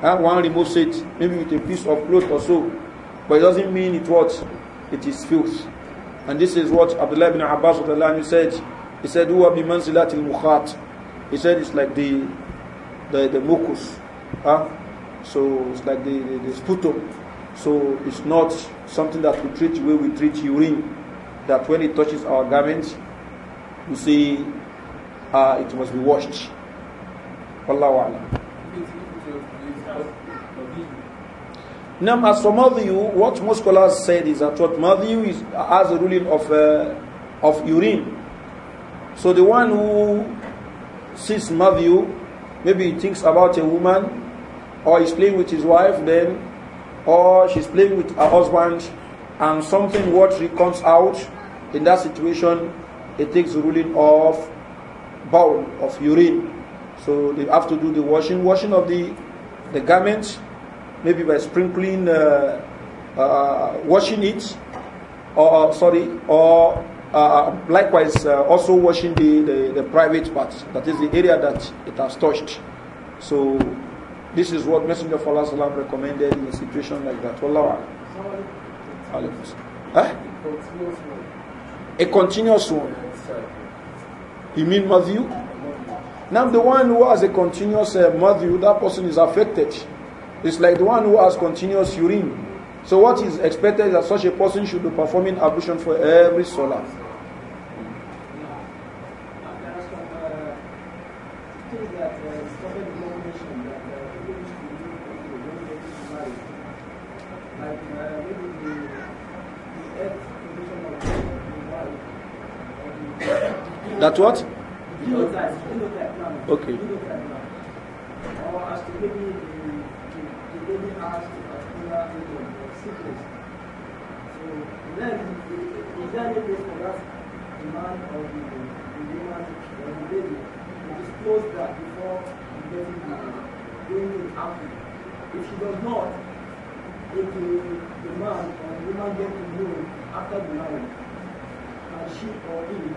And one removes it, maybe with a piece of cloth or so. But it doesn't mean it what? It is filth. And this is what Abdullah ibn Abbas of said. He said, Huwa bi He said it's like the the, the mucus. Huh? So it's like the, the, the sputum. So it's not something that we treat the way we treat urine. That when it touches our garments, you see uh, it must be washed. Wallahu a'lam. Now, as for Madhiyu, what most scholars said is that what Madhiyu is as a ruling of, uh, of urine. So the one who sees Madhiyu, maybe he thinks about a woman, or he's playing with his wife, then, or she's playing with her husband, and something watery comes out in that situation, it takes the ruling of bowl of urine. So they have to do the washing, washing of the the garment, maybe by sprinkling, uh, uh, washing it, or sorry, or uh, likewise uh, also washing the, the, the private part, that is the area that it has touched. So this is what Messenger of Allah recommended in a situation like that. Allah. Huh? A continuous one. A continuous one. You mean Matthew? Now the one who has a continuous uh, that person is affected. It's like the one who has continuous urine. So what is expected is that such a person should be performing ablution for every solar. That what? Okay. Or he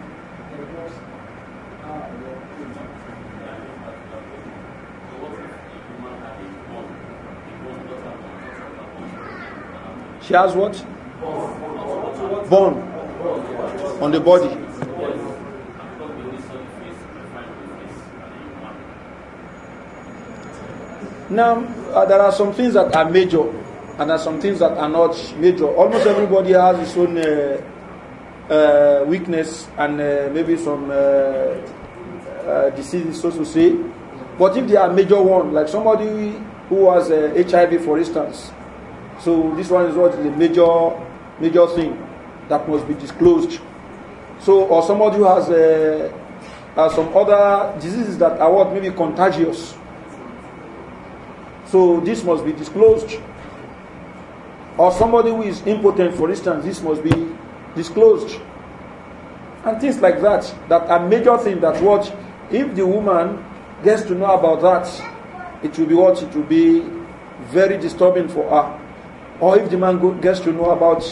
She has what? Bone on the body. Now, uh, there are some things that are major, and there are some things that are not major. Almost everybody has his own uh, uh, weakness and uh, maybe some uh, uh, diseases, so to say. But if they are major one, like somebody who has HIV, uh, for instance, so this one is what is the major, major thing that must be disclosed. So, or somebody who uh, has some other diseases that are what maybe contagious. So this must be disclosed. Or somebody who is impotent, for instance, this must be disclosed. And things like that, that are major things that what, if the woman gets to know about that, it will be what? It will be very disturbing for her. Or if the man gets to know about,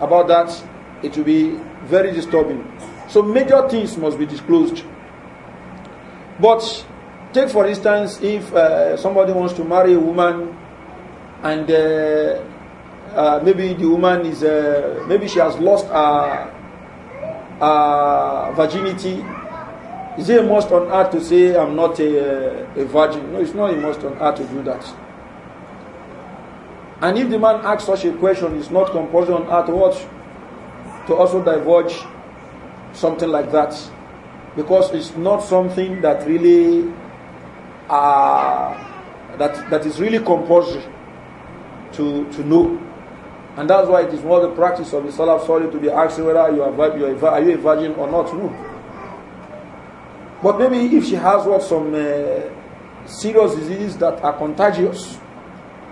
about that, it will be very disturbing. So major things must be disclosed. But take for instance, if uh, somebody wants to marry a woman and uh, uh, maybe the woman is, uh, maybe she has lost her, virginity. Is it a must on her to say, I'm not a, uh, a virgin? No, it's not a must on her to do that. And if the man asks such a question, it's not compulsory on earth to what? To also divulge something like that. Because it's not something that really uh, that that is really compulsory to to know. And that's why it is not the practice of the Salaf Salih to be asking whether you are, you are, are you a virgin or not. No. But maybe if she has what some uh, serious diseases that are contagious,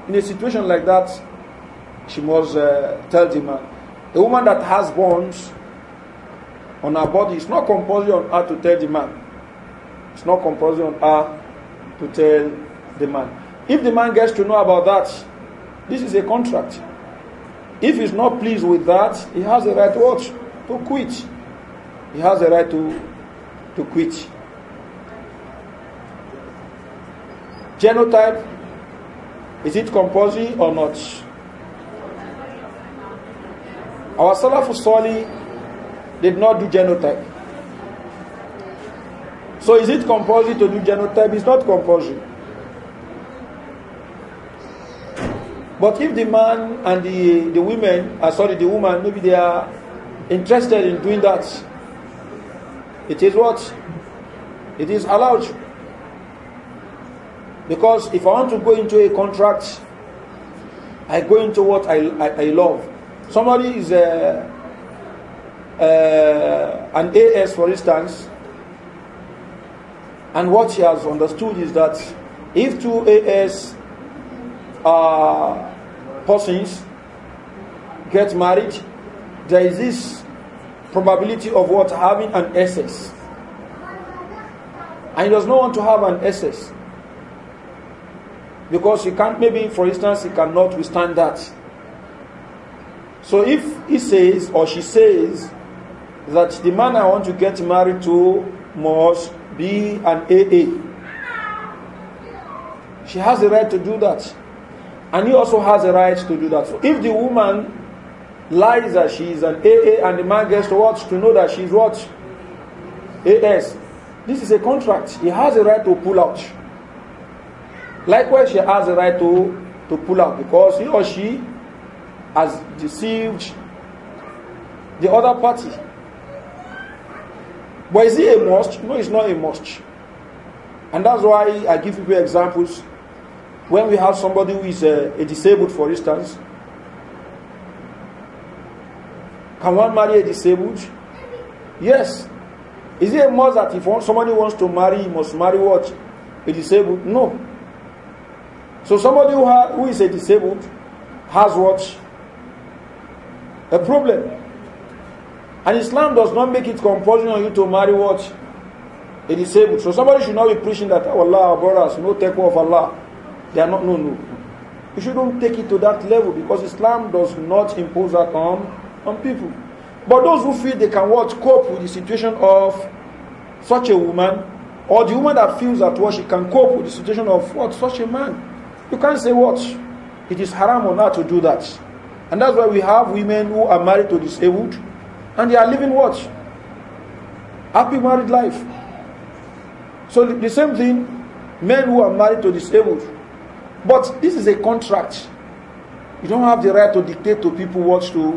in a situation like that, she must uh, tell the man. A woman that has bones on her body, is not compulsory on her to tell the man. It's not compulsory on her to tell the man. If the man gets to know about that, this is a contract. If he's not pleased with that, he has the right to what? To quit. He has the right to, to quit. Genotype, is it compulsory or not? Our Salafu Sali did not do genotype. So is it compulsory to do genotype? It's not compulsory. But if the man and the, the women, uh, sorry, the woman, maybe they are interested in doing that, it is what? It is allowed. Because if I want to go into a contract, I go into what I, I, I love. Somebody is uh, uh, a, a, an AS, for instance, and what he has understood is that if two AS are persons get married, there is this probability of what having an excess. And he does not want to have an excess. Because he can't, maybe for instance, he cannot withstand that. So if he says or she says that the man I want to get married to must be an AA, she has the right to do that. And he also has a right to do that. So if the woman lies that she is an AA and the man gets to watch to know that she's what? AS. This is a contract. He has a right to pull out. Likewise, she has a right to, to pull out because he or she has deceived the other party. But is it a must? No, it's not a must. And that's why I give people examples when we have somebody who is a, uh, a disabled, for instance, can one marry a disabled? Yes. Is it a must that if one, somebody wants to marry, he must marry what? A disabled? No. So somebody who, ha, who is a disabled has what? A problem. And Islam does not make it compulsory on you to marry what? A disabled. So somebody should not be preaching that, oh Allah, our brothers, no take care of Allah. They are not, no, no. You shouldn't take it to that level because Islam does not impose that on, on people. But those who feel they can what cope with the situation of such a woman, or the woman that feels that what she can cope with the situation of what such a man, you can't say what it is haram or not to do that. And that's why we have women who are married to disabled and they are living what? Happy married life. So the same thing, men who are married to disabled But this is a contract. You don't have the right to dictate to people what to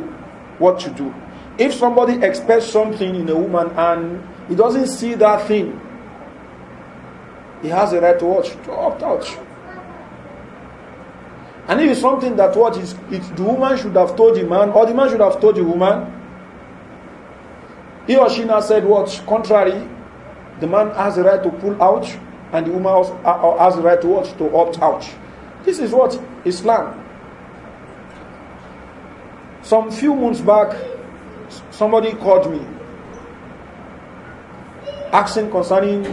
what to do. If somebody expects something in a woman and he doesn't see that thing, he has the right to watch to opt out. And if it's something that what is it, the woman should have told the man, or the man should have told the woman, he or she now said what? Contrary, the man has the right to pull out, and the woman has, has the right to watch To opt out. This is what Islam. Some few months back, somebody called me asking concerning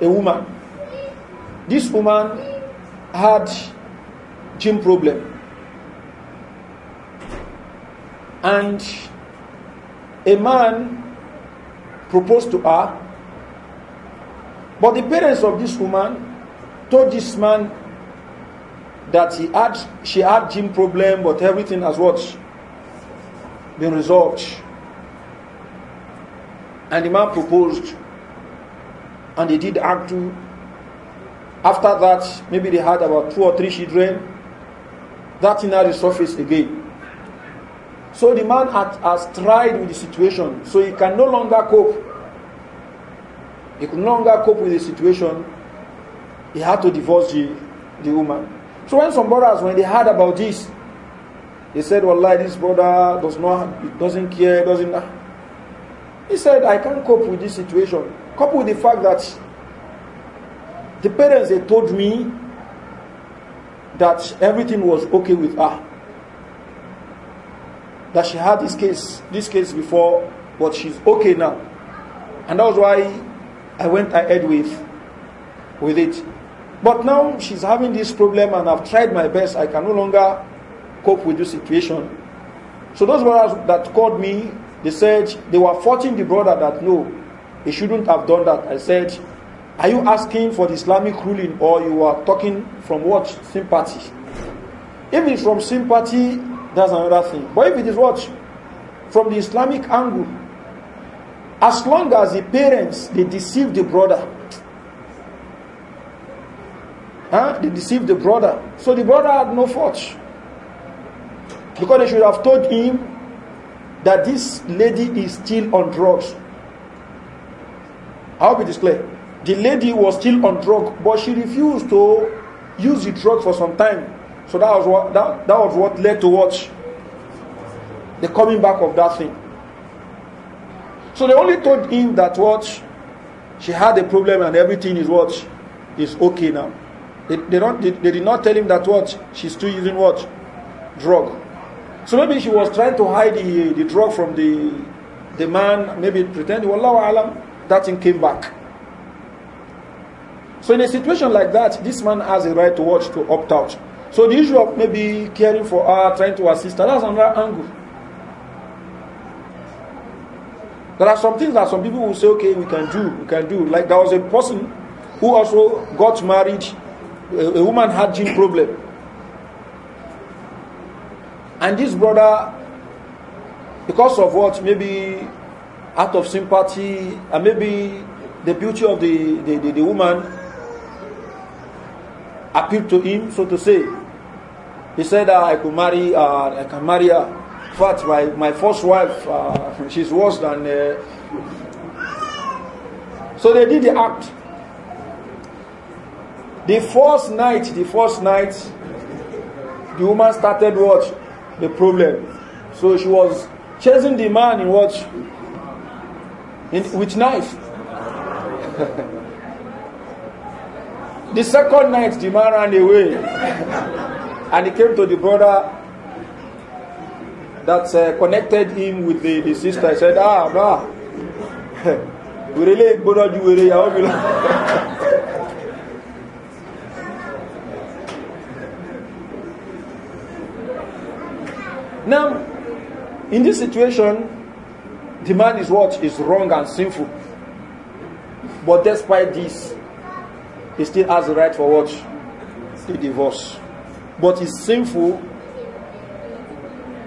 a woman. This woman had gym problem. And a man proposed to her. But the parents of this woman told this man that he had, she had gym problem, but everything has what? Been resolved. And the man proposed, and they did act to. After that, maybe they had about two or three children. That thing had resurfaced again. So the man had, has tried with the situation, so he can no longer cope. He could no longer cope with the situation. He had to divorce the, the woman. So when some brothers, when they heard about this, they said, Wallahi, this brother does not, doesn't care, doesn't. He said, I can't cope with this situation. Coupled with the fact that the parents, they told me that everything was okay with her. That she had this case, this case before, but she's okay now. And that was why I went ahead with, with it. But now she's having this problem and I've tried my best. I can no longer cope with this situation. So those brothers that called me, they said they were forcing the brother that no, he shouldn't have done that. I said, Are you asking for the Islamic ruling or you are talking from what? Sympathy. If it's from sympathy, that's another thing. But if it is what? From the Islamic angle, as long as the parents they deceive the brother, Huh? They deceived the brother. So the brother had no fault. Because they should have told him that this lady is still on drugs. I hope it is clear. The lady was still on drug, but she refused to use the drug for some time. So that was what that, that was what led to what? The coming back of that thing. So they only told him that what she had a problem and everything is what is okay now. They, they, don't, they, they, did not tell him that what? She's still using what? Drug. So maybe she was trying to hide the, the drug from the, the man, maybe pretending, Wallahu alam, that thing came back. So in a situation like that, this man has a right to watch to opt out. So the issue of maybe caring for her, trying to assist her, that's another angle. There are some things that some people will say, okay, we can do, we can do. Like there was a person who also got married a, a woman had gene problem. And this brother, because of what, maybe out of sympathy, and maybe the beauty of the, the, the, the woman appealed to him, so to say. He said, uh, I could marry, uh, I can marry her. In fact, my, my first wife, uh, (laughs) she's worse than. Uh... So they did the act. The first night, the first night, the woman started what? The problem. So she was chasing the man in what? In, with knife. (laughs) the second night, the man ran away. (laughs) and he came to the brother that uh, connected him with the, the sister. He said, Ah, brah. (laughs) Wèrè lè gbọ́dọ̀ ju wèrè ìyàwó mi lọ. Now, in this situation, the man is what is wrong and sinful. But despite this, he still has the right for what? the divorce. But he's sinful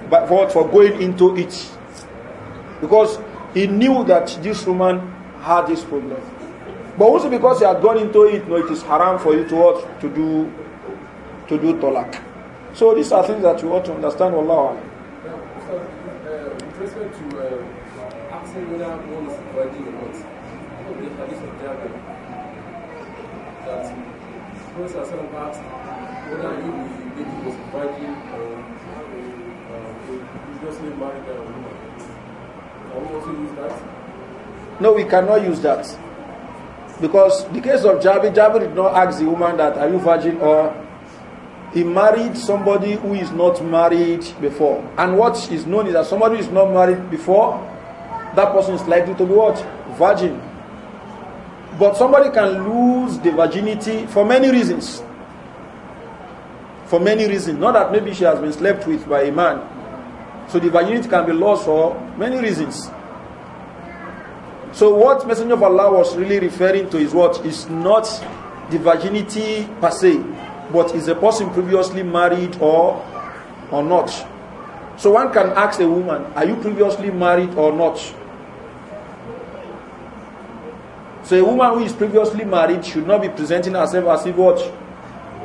but for, for going into it. Because he knew that this woman had this problem. But also because he had gone into it, no, it is haram for you to what? To do to do talak. So these are things that you ought to understand, Allah. asking whether one is providing or not. One of the hadith of Jabir that Prophet Hassan asked whether he was providing or previously married a woman. Can we also use that? No, we cannot use that. Because the case of Jabir, Jabir did not ask the woman that, are you virgin or he married somebody who is not married before. And what is known is that somebody who is not married before that person is likely to be what? Virgin. But somebody can lose the virginity for many reasons. For many reasons. Not that maybe she has been slept with by a man. So the virginity can be lost for many reasons. So what Messenger of Allah was really referring to is what is not the virginity per se, but is a person previously married or or not. So one can ask a woman, are you previously married or not? So a woman who is previously married should not be presenting herself as if what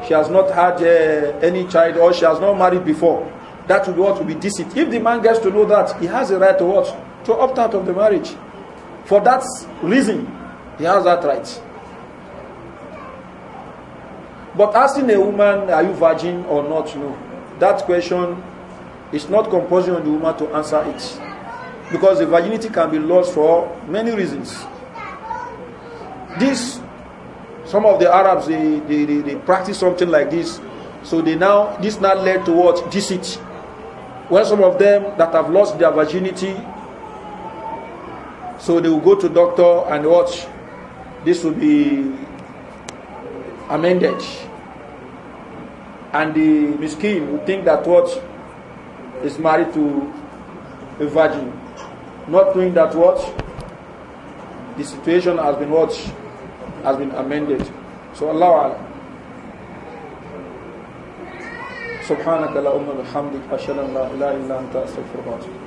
she has not had uh, any child or she has not married before. That would be what would be deceit. If the man gets to know that, he has a right to what to opt out of the marriage. For that reason, he has that right. But asking a woman, are you virgin or not? No. That question is not compulsory on the woman to answer it. Because the virginity can be lost for many reasons. This, some of the Arabs, they, they, they, they practice something like this. So they now, this now led towards deceit. When some of them that have lost their virginity, so they will go to doctor and watch. This will be amended. And the miskin will think that what is married to a virgin. Not knowing that what the situation has been watched has been amended. So Allah Alam. سبحانك اللهم وبحمدك أشهد أن لا إله إلا أنت أستغفرك وأتوب